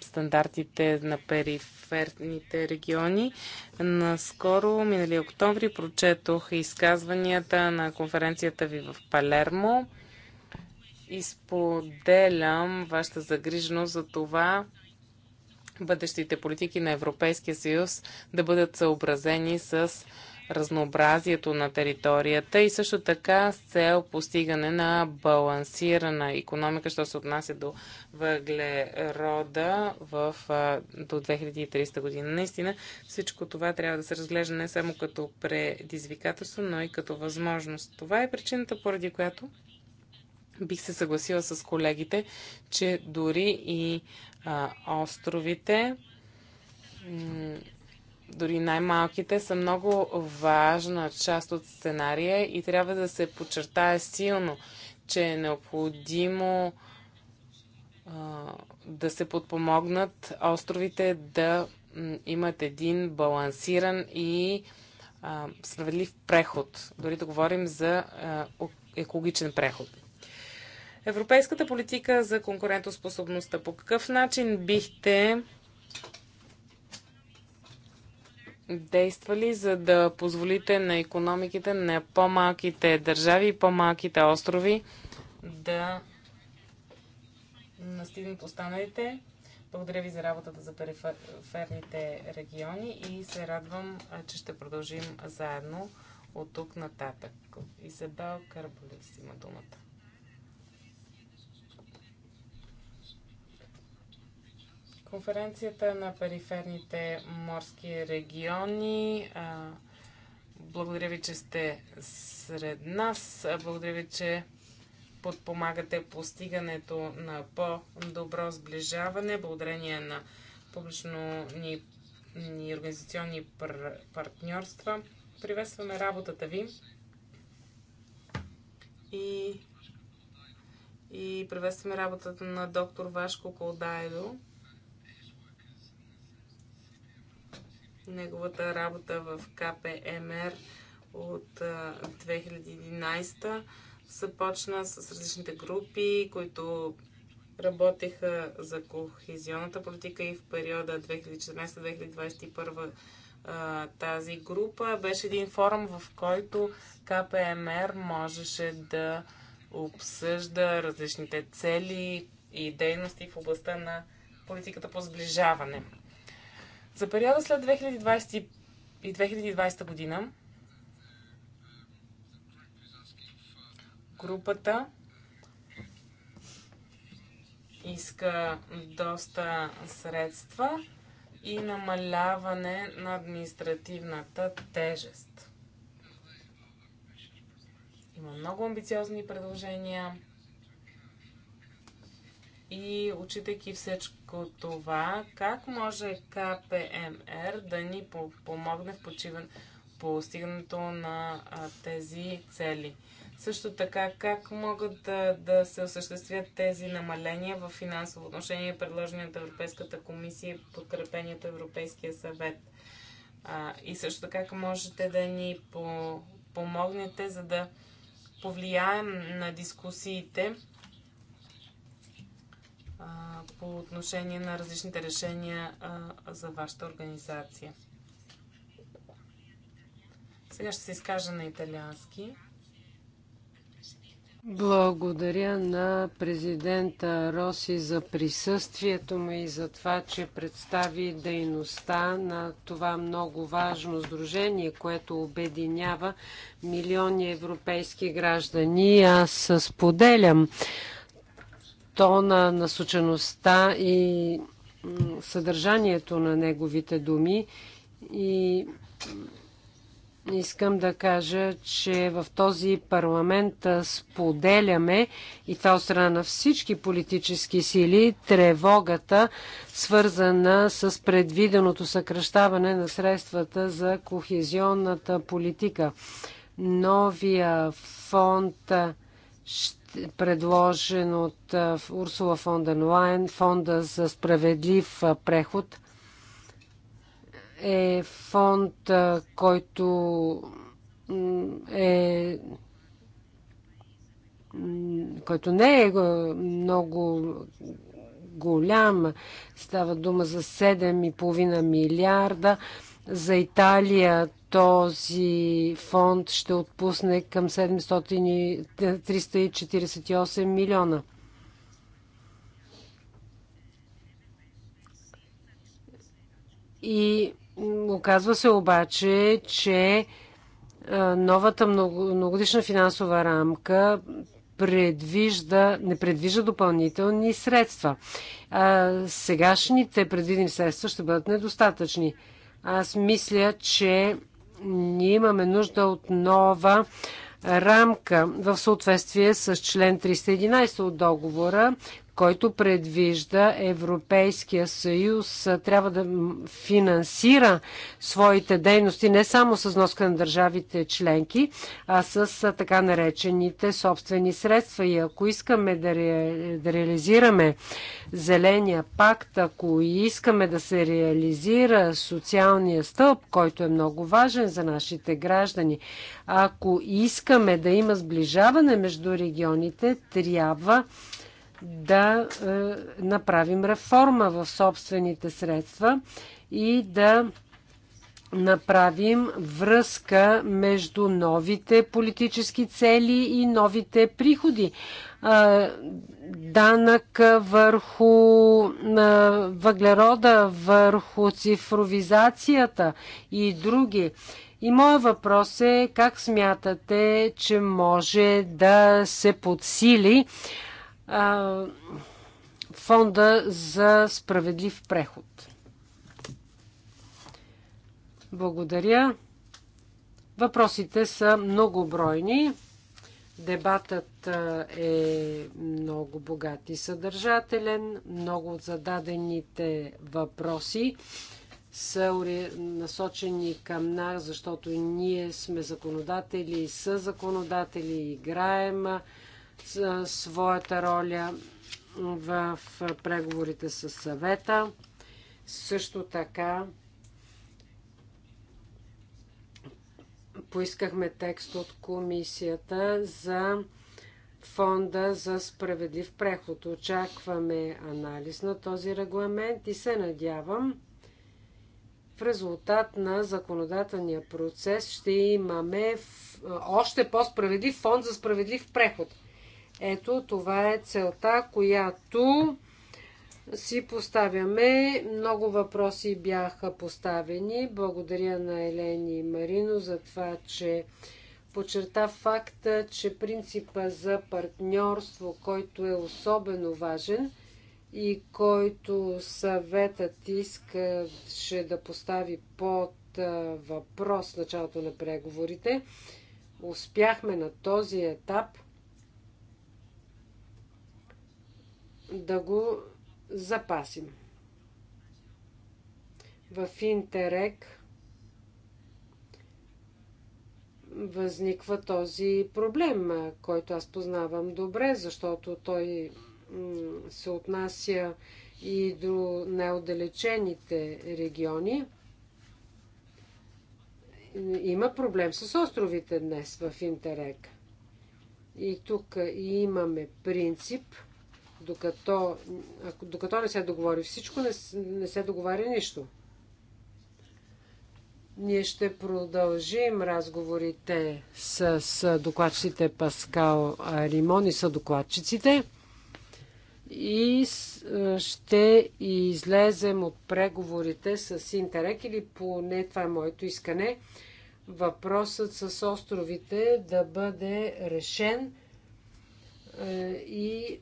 Speaker 3: стандартите на периферните региони. Наскоро, минали октомври, прочетох изказванията на конференцията ви в Палермо изподелям вашата загриженост за това бъдещите политики на Европейския съюз да бъдат съобразени с разнообразието на територията и също така с цел постигане на балансирана економика, що се отнася до въглерода в, до 2300 година. Наистина всичко това трябва да се разглежда не само като предизвикателство, но и като възможност. Това е причината, поради която Бих се съгласила с колегите, че дори и а, островите, дори най-малките, са много важна част от сценария и трябва да се подчертае силно, че е необходимо а, да се подпомогнат островите да имат един балансиран и а, справедлив преход. Дори да говорим за а, екологичен преход. Европейската политика за конкурентоспособността. По какъв начин бихте действали, за да позволите на економиките на по-малките държави и по-малките острови да настигнат останалите? Благодаря ви за работата за периферните региони и се радвам, че ще продължим заедно от тук нататък. Изабел Карболис има думата. конференцията на периферните морски региони. Благодаря ви, че сте сред нас. Благодаря ви, че подпомагате постигането на по-добро сближаване благодарение на публично ни, ни организационни пар, партньорства. Приветстваме работата ви и, и приветстваме работата на доктор Вашко Колдайдо. неговата работа в КПМР от 2011 започна с различните групи, които работеха за кохезионната политика и в периода 2014-2021 тази група. Беше един форум, в който КПМР можеше да обсъжда различните цели и дейности в областта на политиката по сближаване. За периода след 2020 и 2020 година групата иска доста средства и намаляване на административната тежест. Има много амбициозни предложения и очитайки всичко това, как може КПМР да ни помогне в почивен постигането на тези цели? Също така, как могат да, да се осъществят тези намаления в финансово отношение, предложени от Европейската комисия и подкрепени от Европейския съвет? А, и също така, как можете да ни по, помогнете, за да повлияем на дискусиите по отношение на различните решения за вашата организация. Сега ще се изкажа на италиански.
Speaker 1: Благодаря на президента Роси за присъствието му и за това, че представи дейността на това много важно сдружение, което обединява милиони европейски граждани. Аз споделям тона на насочеността и съдържанието на неговите думи и искам да кажа, че в този парламент споделяме и това от страна на всички политически сили тревогата, свързана с предвиденото съкръщаване на средствата за кохезионната политика. Новия фонд ще предложен от Урсула фон ден Лайен, Фонда за справедлив преход, е фонд, който е който не е много голям. Става дума за 7,5 милиарда. За Италия този фонд ще отпусне към 748 милиона. И оказва се обаче, че новата многодишна финансова рамка предвижда, не предвижда допълнителни средства. А, сегашните предвидени средства ще бъдат недостатъчни. Аз мисля, че ние имаме нужда от нова рамка в съответствие с член 311 от договора, който предвижда Европейския съюз трябва да финансира своите дейности не само с носка на държавите членки, а с така наречените собствени средства. И ако искаме да, ре, да реализираме Зеления пакт, ако искаме да се реализира социалния стълб, който е много важен за нашите граждани, ако искаме да има сближаване между регионите, трябва да е, направим реформа в собствените средства и да направим връзка между новите политически цели и новите приходи. Е, данък върху е, въглерода, върху цифровизацията и други. И моят въпрос е как смятате, че може да се подсили а, фонда за справедлив преход. Благодаря. Въпросите са многобройни. Дебатът е много богат и съдържателен. Много от зададените въпроси са насочени към нас, защото ние сме законодатели, са законодатели, играем своята роля в преговорите с съвета. Също така поискахме текст от комисията за фонда за справедлив преход. Очакваме анализ на този регламент и се надявам в резултат на законодателния процес ще имаме още по-справедлив фонд за справедлив преход – ето, това е целта, която си поставяме. Много въпроси бяха поставени. Благодаря на Елени и Марино за това, че подчерта факта, че принципа за партньорство, който е особено важен и който съветът искаше да постави под въпрос началото на преговорите, успяхме на този етап – да го запасим. В Интерек възниква този проблем, който аз познавам добре, защото той се отнася и до неотдалечените региони. Има проблем с островите днес в Интерек. И тук имаме принцип – докато, докато не се договори всичко, не, не се договаря нищо. Ние ще продължим разговорите с, с докладчиците Паскал Римон и съдокладчиците и ще излезем от преговорите с Интерек или поне това е моето искане. Въпросът с островите да бъде решен е, и,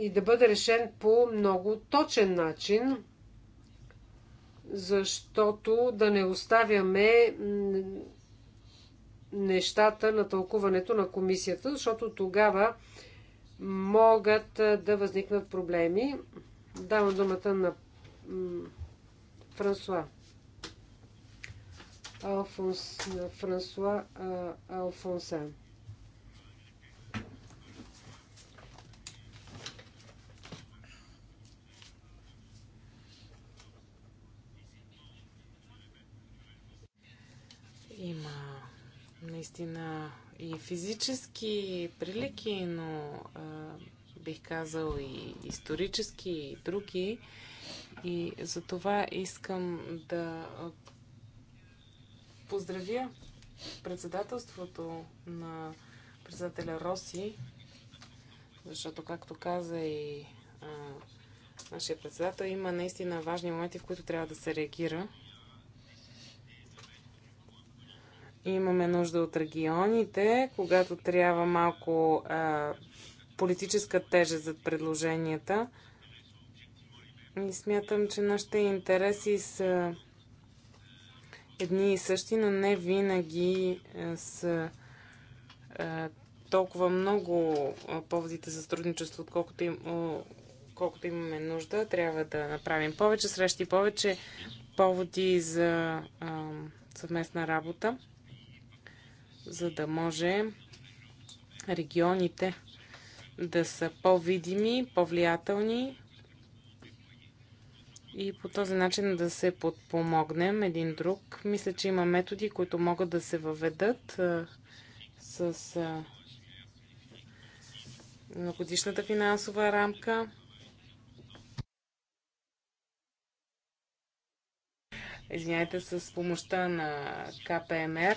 Speaker 1: и да бъде решен по много точен начин, защото да не оставяме нещата на тълкуването на комисията, защото тогава могат е, да възникнат проблеми. Давам думата на Франсуа. Алфонс, Франсуа Алфонса.
Speaker 3: Има наистина и физически прилики, но а, бих казал и исторически и други. И за това искам да поздравя председателството на председателя Роси, защото, както каза и а, нашия председател, има наистина важни моменти, в които трябва да се реагира. И имаме нужда от регионите, когато трябва малко а, политическа тежест зад предложенията. И смятам, че нашите интереси са едни и същи, но не винаги е, са е, толкова много е, поводите за сътрудничество, отколкото им, колкото имаме нужда. Трябва да направим повече срещи, повече поводи за а, съвместна работа, за да може регионите да са по-видими, по-влиятелни и по този начин да се подпомогнем един друг. Мисля, че има методи, които могат да се въведат а, с многодишната годишната финансова рамка. Извинявайте, с помощта на КПМР,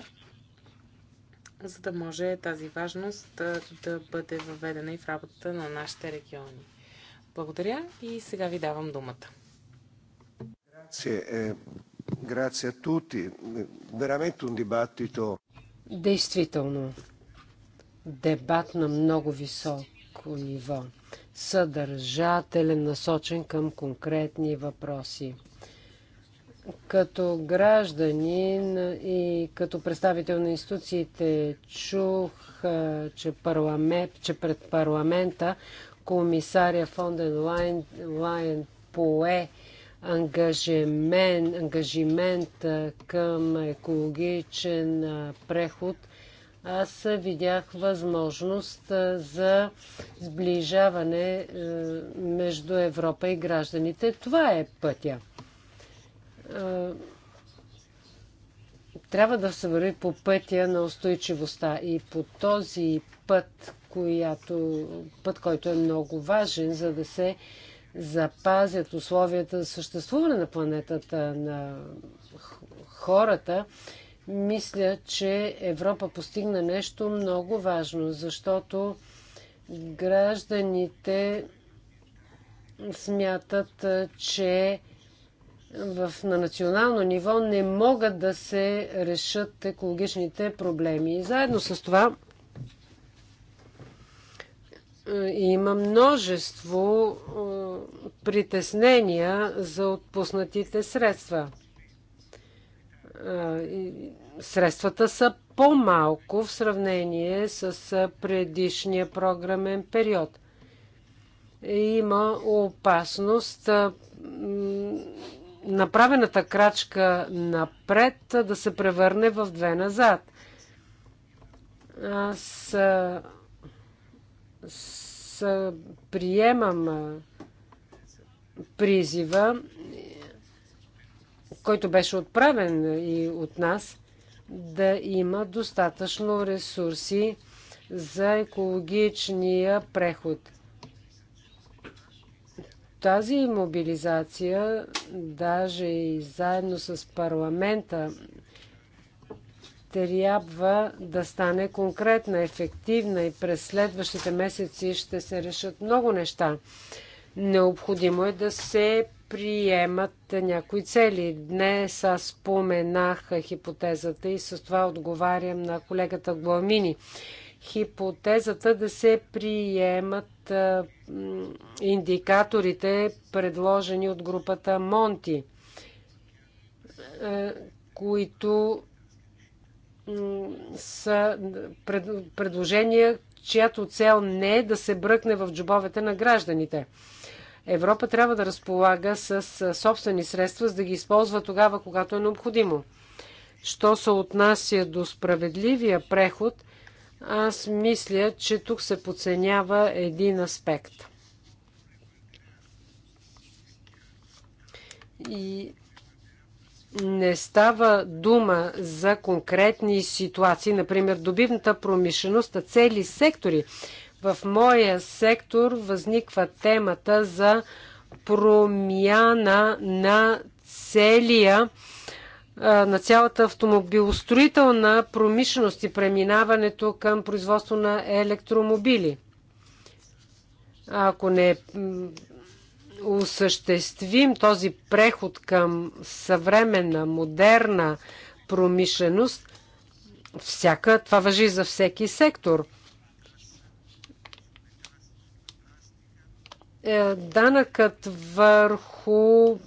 Speaker 3: за да може тази важност да, да бъде въведена и в работата на нашите региони. Благодаря и сега ви давам думата.
Speaker 2: Grazie, eh, grazie a tutti. Veramente un dibattito.
Speaker 1: Действително, дебат на много високо ниво, съдържателен, насочен към конкретни въпроси. Като гражданин и като представител на институциите чух, че, парламент, че пред парламента комисаря Фонден Лайен Лайн пое ангажимент, ангажимент към екологичен преход, аз видях възможност за сближаване между Европа и гражданите. Това е пътя. Трябва да се върви по пътя на устойчивостта и по този път, която, път, който е много важен, за да се запазят условията за съществуване на планетата на хората, мисля, че Европа постигна нещо много важно, защото гражданите смятат, че в, на национално ниво не могат да се решат екологичните проблеми. И заедно с това има множество е, притеснения за отпуснатите средства. Е, средствата са по-малко в сравнение с предишния програмен период. Има опасност е, направената крачка напред да се превърне в две назад. Аз аз приемам призива, който беше отправен и от нас, да има достатъчно ресурси за екологичния преход. Тази мобилизация, даже и заедно с парламента трябва да стане конкретна, ефективна и през следващите месеци ще се решат много неща. Необходимо е да се приемат някои цели. Днес аз споменах хипотезата и с това отговарям на колегата Гламини. Хипотезата да се приемат индикаторите, предложени от групата Монти, които са пред, предложения, чиято цел не е да се бръкне в джобовете на гражданите. Европа трябва да разполага с собствени средства, за да ги използва тогава, когато е необходимо. Що се отнася до справедливия преход, аз мисля, че тук се подценява един аспект. И не става дума за конкретни ситуации, например добивната промишленост, а цели сектори. В моя сектор възниква темата за промяна на целия на цялата автомобилостроителна промишленост и преминаването към производство на електромобили. Ако не осъществим този преход към съвременна, модерна промишленост, всяка, това въжи за всеки сектор. Е, данъкът върху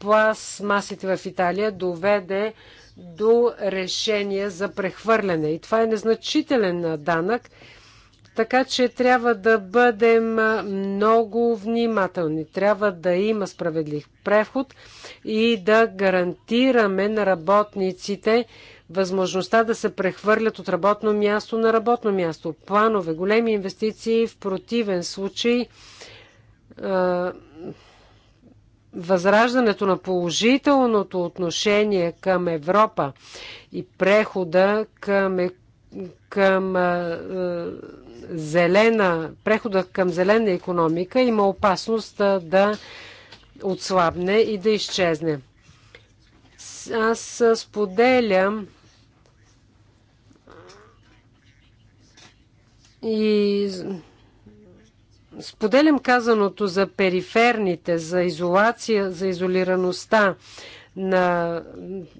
Speaker 1: пластмасите в Италия доведе до решение за прехвърляне. И това е незначителен данък, така че трябва да бъдем много внимателни. Трябва да има справедлив преход и да гарантираме на работниците възможността да се прехвърлят от работно място на работно място. Планове, големи инвестиции, в противен случай възраждането на положителното отношение към Европа и прехода към, е, към зелена, прехода към зелена економика има опасност да отслабне и да изчезне. Аз споделям и споделям казаното за периферните, за изолация, за изолираността на,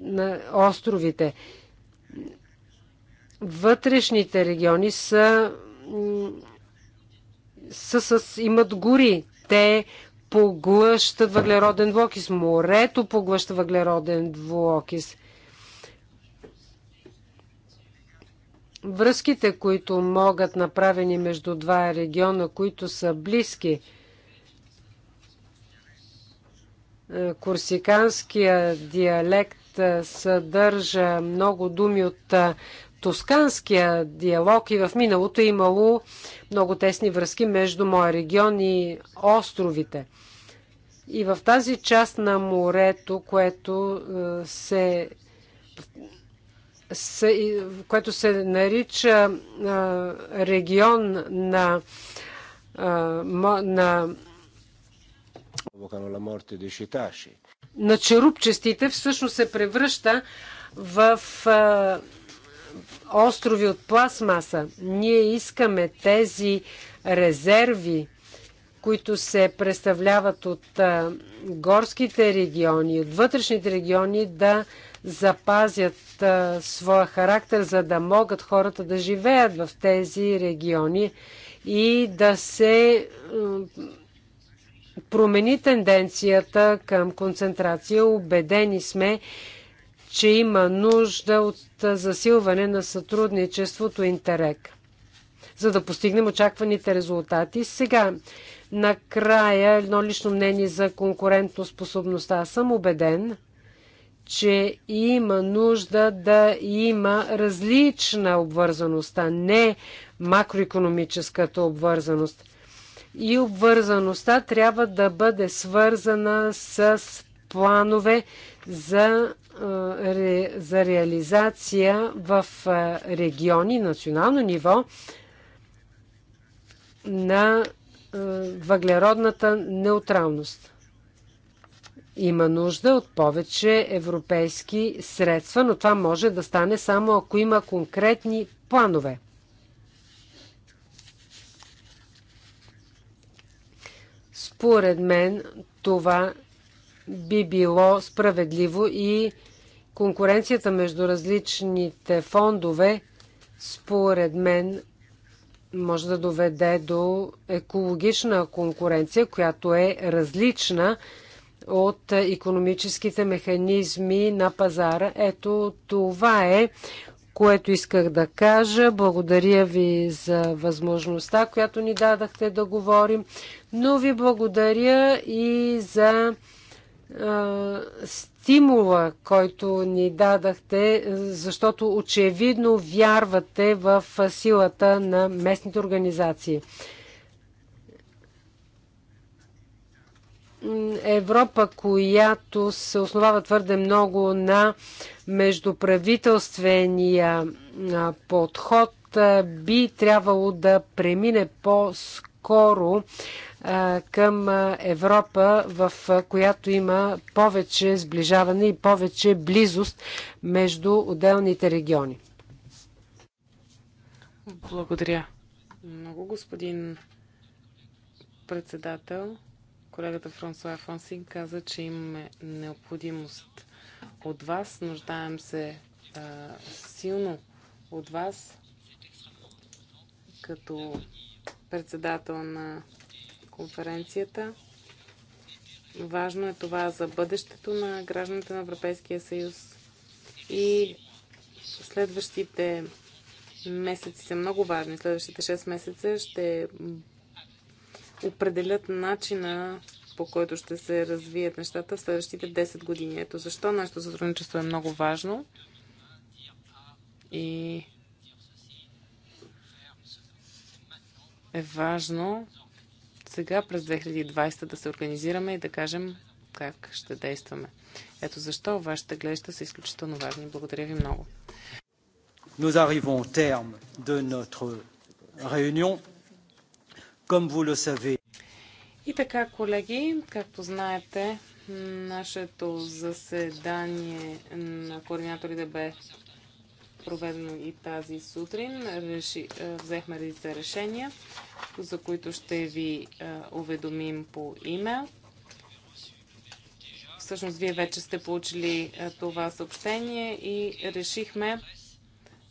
Speaker 1: на островите вътрешните региони са са с, имат гори. Те поглъщат въглероден двуокис. Морето поглъща въглероден двуокис. Връзките, които могат направени между два региона, които са близки, е, Курсиканския диалект е, съдържа много думи от е, тосканския диалог и в миналото е имало много тесни връзки между моя регион и островите. И в тази част на морето, което е, се, се, което се нарича е, регион на, е, на на черупчестите всъщност се превръща в острови от пластмаса. Ние искаме тези резерви, които се представляват от горските региони, от вътрешните региони, да запазят а, своя характер, за да могат хората да живеят в тези региони и да се промени тенденцията към концентрация. Убедени сме, че има нужда от засилване на сътрудничеството Интерек, за да постигнем очакваните резултати. Сега, накрая, едно лично мнение за конкурентоспособността. Аз съм убеден, че има нужда да има различна обвързаност, а не макроекономическата обвързаност. И обвързаността трябва да бъде свързана с планове за е, за реализация в е, региони, национално ниво на е, въглеродната неутралност. Има нужда от повече европейски средства, но това може да стане само ако има конкретни планове. Според мен това би било справедливо и конкуренцията между различните фондове, според мен, може да доведе до екологична конкуренция, която е различна от економическите механизми на пазара. Ето това е, което исках да кажа. Благодаря ви за възможността, която ни дадахте да говорим, но ви благодаря и за стимула, който ни дадахте, защото очевидно вярвате в силата на местните организации. Европа, която се основава твърде много на междуправителствения подход, би трябвало да премине по-скоро скоро към Европа, в която има повече сближаване и повече близост между отделните региони.
Speaker 3: Благодаря много, господин председател. Колегата Франсуа Фонсин каза, че имаме необходимост от вас. Нуждаем се а, силно от вас като председател на конференцията. Важно е това за бъдещето на гражданите на Европейския съюз и следващите месеци са много важни. Следващите 6 месеца ще определят начина по който ще се развият нещата в следващите 10 години. Ето защо нашето сътрудничество е много важно и е важно сега през 2020 да се организираме и да кажем как ще действаме. Ето защо вашите гледаща са изключително важни. Благодаря ви много.
Speaker 2: Nous arrivons au terme de notre réunion. Comme vous le savez.
Speaker 3: И така, колеги, както знаете, нашето заседание на координаторите бе проведено и тази сутрин. Реши, взехме редица решения, за които ще ви уведомим по имейл. Всъщност, вие вече сте получили това съобщение и решихме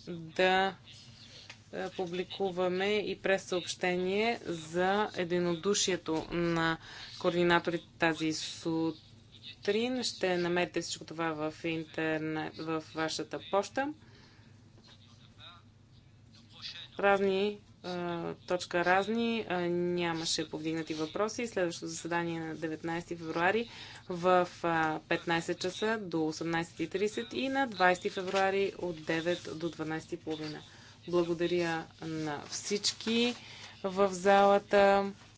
Speaker 3: да публикуваме и пресъобщение за единодушието на координаторите тази сутрин. Ще намерите всичко това в интернет, в вашата почта. Разни точка разни. Нямаше повдигнати въпроси. Следващото заседание е на 19 февруари в 15 часа до 18.30 и на 20 февруари от 9 до 12.30. Благодаря на всички в залата.